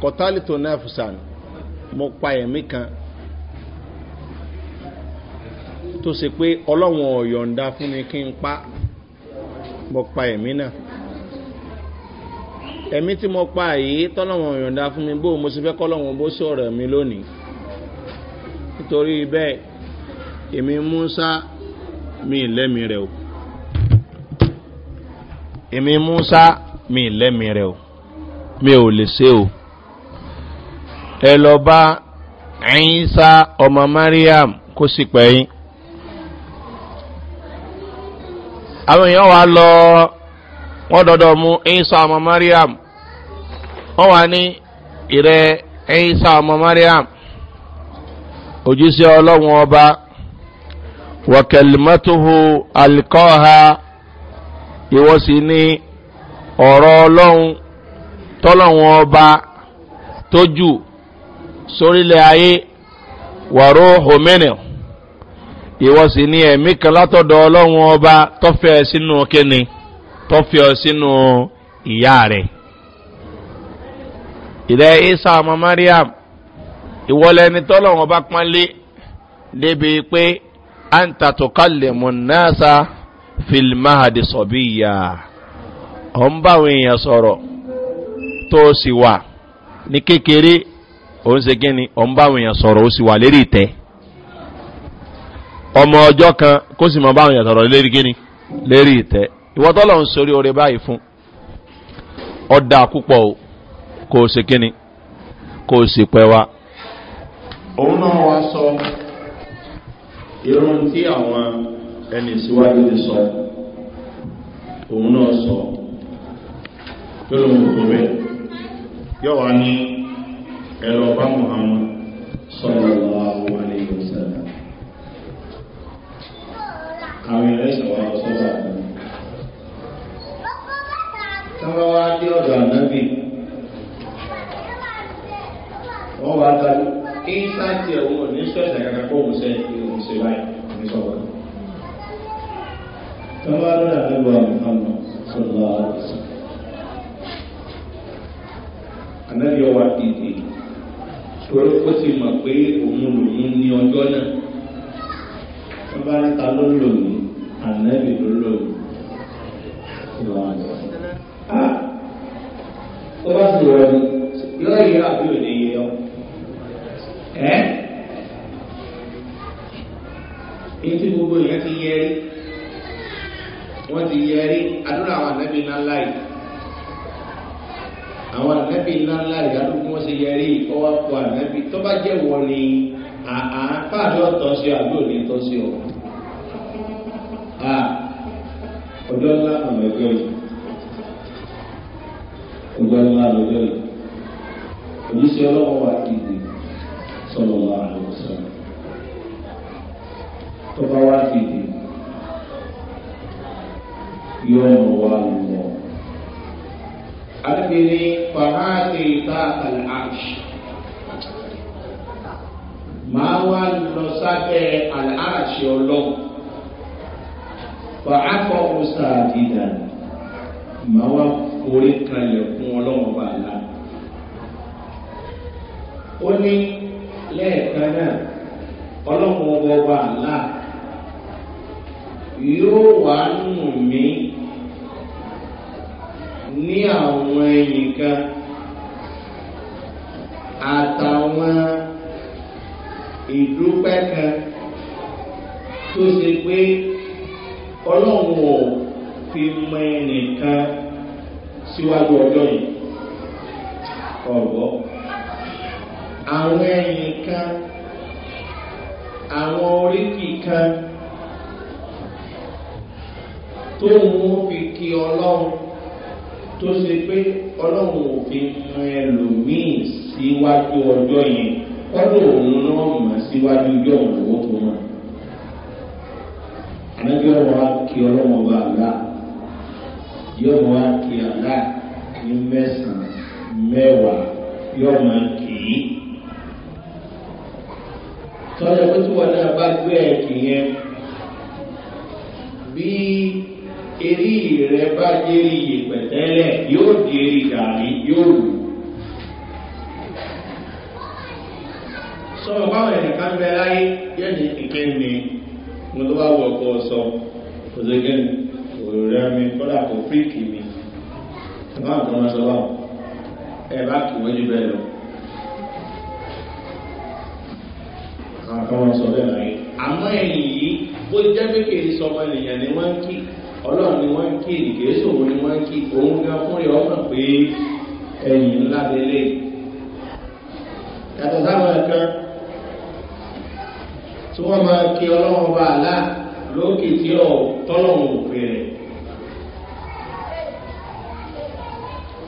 kọtálítò náfùsàn mo pa ẹ̀mí kan tó ṣe pé ọlọ́wọ̀n ọ̀yọ̀ǹda fún mi kí n pa mo pa ẹ̀mí náà ẹ̀mí tí mo pa yìí tọ́lọ́wọ̀n ọ̀yọ̀ǹda fún mi bó mo ṣe fẹ́ kọ́lọ́wọ̀n bó sọ̀rọ̀ mi lónìí nítorí bẹ́ẹ̀ èmi musa mi lẹ́mi rẹ̀ o èmi musa mi lẹ́mi rẹ̀ o mi ò lè ṣe o ẹ lọ bá ẹ̀yìnsá ọmọ mariam kó sì pẹ̀yìn àwọn èèyàn wa lọ wọ́n dọ́dọ̀ mú ẹ̀yìnsá ọmọ mariam wọ́n wà ní ìrẹ́ ẹ̀yìnsá ọmọ mariam òjíṣẹ́ ọlọ́run ọba. wàkẹ̀lìmọ́tòhò alìkọ́ha ìwọ́sí ní ọ̀rọ̀ ọlọ́run tọ́lọ̀wọ̀n ọba tójú sórílẹ̀ ayé wàró homeni ìwọ́sí ní ẹ̀mí kan látọ̀dọ̀ ọlọ́run ọba tọ́fẹ́ sínú kíni tọ́fẹ́ sínú ìyá rẹ̀ ìrẹ́ isa ọmọ mariam ìwọlẹ́ni tọ́lọ̀wọ̀n ọba pọ́nlé débi pé anta tukalimu nasa filimahadi sọbiya ọ ń bá àwọn èèyàn sọ̀rọ̀ tó o sì wà ní kékeré ó se gíní ọ ń bá àwọn èèyàn o si wa leri lérí ọmọ ọjọ kan kó sì mọ bá àwọn èèyàn sọ̀rọ̀ lérí gíní lérí ìtẹ́ ìwọ́ tọ́lọ̀ ń sorí oore báyìí fún ọ̀dà púpọ̀ o kò sí kíní o sí pẹ wa. òun náà wá sọ. irun tí àwọn ẹni síwájú ti sọ òun náà sọ tó lóun kò bẹ́ẹ̀ yọ ní ẹ̀rọ bá muhammad sọ̀rọ̀ àwọn àlejò sẹ́lẹ̀ àwọn ẹ̀rẹ́sẹ̀ wà sọ́dọ̀ àwọn táwọn wá dé ọ̀dọ̀ ànábì wọ́n wá dájú kí sáà tiẹ̀ wọn ò ní sọ ìṣàkàkọ́ òun sẹ́yìn ṣe báyìí ní sọ̀rọ̀. Tọ́lá lọ́dà tó wà nìkanà sọ̀rọ̀ àdìsí. Ànábì ọwà dìde torí ó ti mọ̀ pé òun lòun ní ọjọ́ náà. Wọ́n bá ní ta jẹ́ wọ́n ni àáfààní ọ̀tọ̀ sí àbí òní tọ́ sí ọ̀ ọjọ́ ńlá ọ̀nà ẹgbẹ́ yìí ọjọ́ ńlá lọ́jọ́ yìí oníṣẹ́ ọlọ́wọ́ wa ti dì sọ̀rọ̀ wà lọ́sọ̀ tó bá wá ti dì yóò mọ̀ wá lọ́wọ́. Adébìnrin Fahad Ìta Al-Ash. máa wá lọ sábẹ́ àlàáṣẹ ọlọ́run wà á kọ́ ọ́sà àdìdà máa wá forí kalẹ̀ fún ọlọ́run ó ní lẹ́ẹ̀kan náà ọlọ́run yóò wá nù mí ní àwọn ẹ̀yìn kan àtàwọn. ìdúpẹ́ kan tó ṣe pé ọlọ́run ò fi mọ ẹnìkan síwájú ọjọ́ yìí ọ̀gbọ́ àwọn ẹ̀yìn kan àwọn oríkì kan tó mú fi kí ọlọ́run tó ṣe pé ọlọ́run ò fi mọ ẹlòmíì síwájú ọjọ́ yìí kọ́dọ̀ òun náà mọ̀ síwájú bí ọ̀hún owó tó mọ̀. Ànájọ́ wa kí ọlọ́mọ bá àlá, yóò wá kí àlá ní mẹ́sàn-án mẹ́wàá yóò máa kì í. Tọ́jà pé tí wọ́n náà bá gbé ẹ̀kì yẹn, bí eré rẹ̀ bá dé iye pẹ̀tẹ́lẹ̀ yóò dé ìdàrí yóò wù. ọmọ ọ̀páwọn ẹ̀nìkan bẹ láyé yẹ́ ní ìké ni mo tó bá wọ ọkọ̀ sọ òṣèlú òrùrẹ́ mi kọ́dà kò fíìkì mi ẹ̀bá àgbọ̀n ọ̀sọ̀ wà ẹ̀bá kì wọ́n jù bẹ́ẹ̀ lọ. àkàwọn sọ bẹ́ẹ̀ láyé àmọ́ ẹ̀yìn yìí bó jẹ́ pé kì í sọmọ ènìyàn ni wọ́n ń kí ọlọ́run ni wọ́n ń kí ìdìgẹ́sọ̀ òun ni wọ́n ń kí òun tí wọ́n máa kí ọlọ́run bá àlá lókè tí ọ̀ tọ́lọ́run ò pè rẹ̀.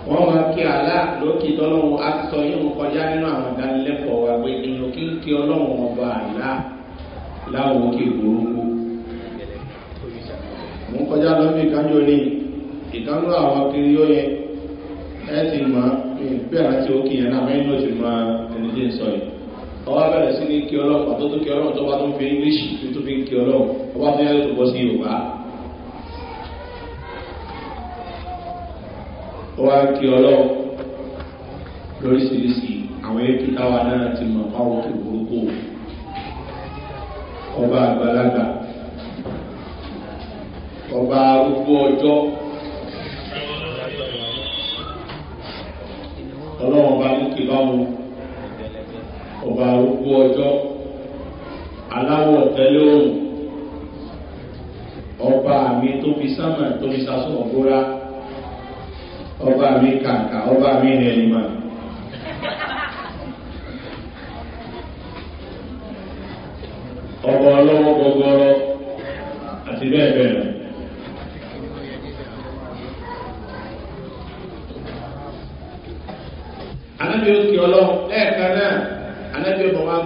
wọ́n máa kí àlá lókè tọ́lọ́run á sọ yóò kọjá nínú àwọn ìdánilẹ́kọ̀ọ́ wa pé inú kí ń kí ọlọ́run ọba àlá láwọn òkè burúkú. mo kọjá lọ́bí kájọ ní ìdánú àwọn kiri yóò yẹ ẹ ti mọ ìgbéra tí ó yẹn náà mẹ́rin ló ti mọ ẹni tí ń sọ yìí ọwọ́ abẹ́rẹ́ sí ní kí ọlọ́run pàtó tó kí ọlọ́run tó bá tó fi english tó fi ń kí ọlọ́run ọba tó yára tó bọ́ sí yorùbá. ọwọ́ kí ọlọ́run lóríṣiríṣi àwọn èkì táwa náà ti mọ̀ fáwọn òkè burúkú ọba àgbàlagbà ọba arúgbó ọjọ́. ọlọ́run ọba mú kí bá ọba arúgbó ọjọ́ aláwọ̀ tẹ́lẹ̀ òun ọba mi tó fi sámà tó fi sásùn ọ̀gbóra ọba mi kàǹkà ọba mi nẹ̀lìmọ̀. ọba ọlọ́wọ́ gbọgbọrọ àti bẹ́ẹ̀ bẹ́ẹ̀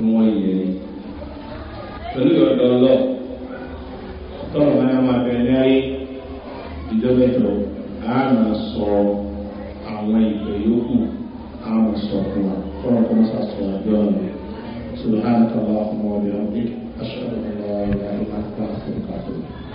tí wọ́n yẹ ni. pẹ̀lú ìyọ̀dọ̀ ọlọ́ tọ́lọ̀ máa máa bẹ̀rẹ̀ ní ayé ìjọ́bẹ̀jọ á máa sọ àwọn ìpè yòókù á máa sọ fún wa tọ́lọ̀ kọ́ máa sọ àjọ ọ̀nà سبحانك اللهم وبحمدك أشهد أن لا إله إلا أنت أستغفرك وأتوب إليك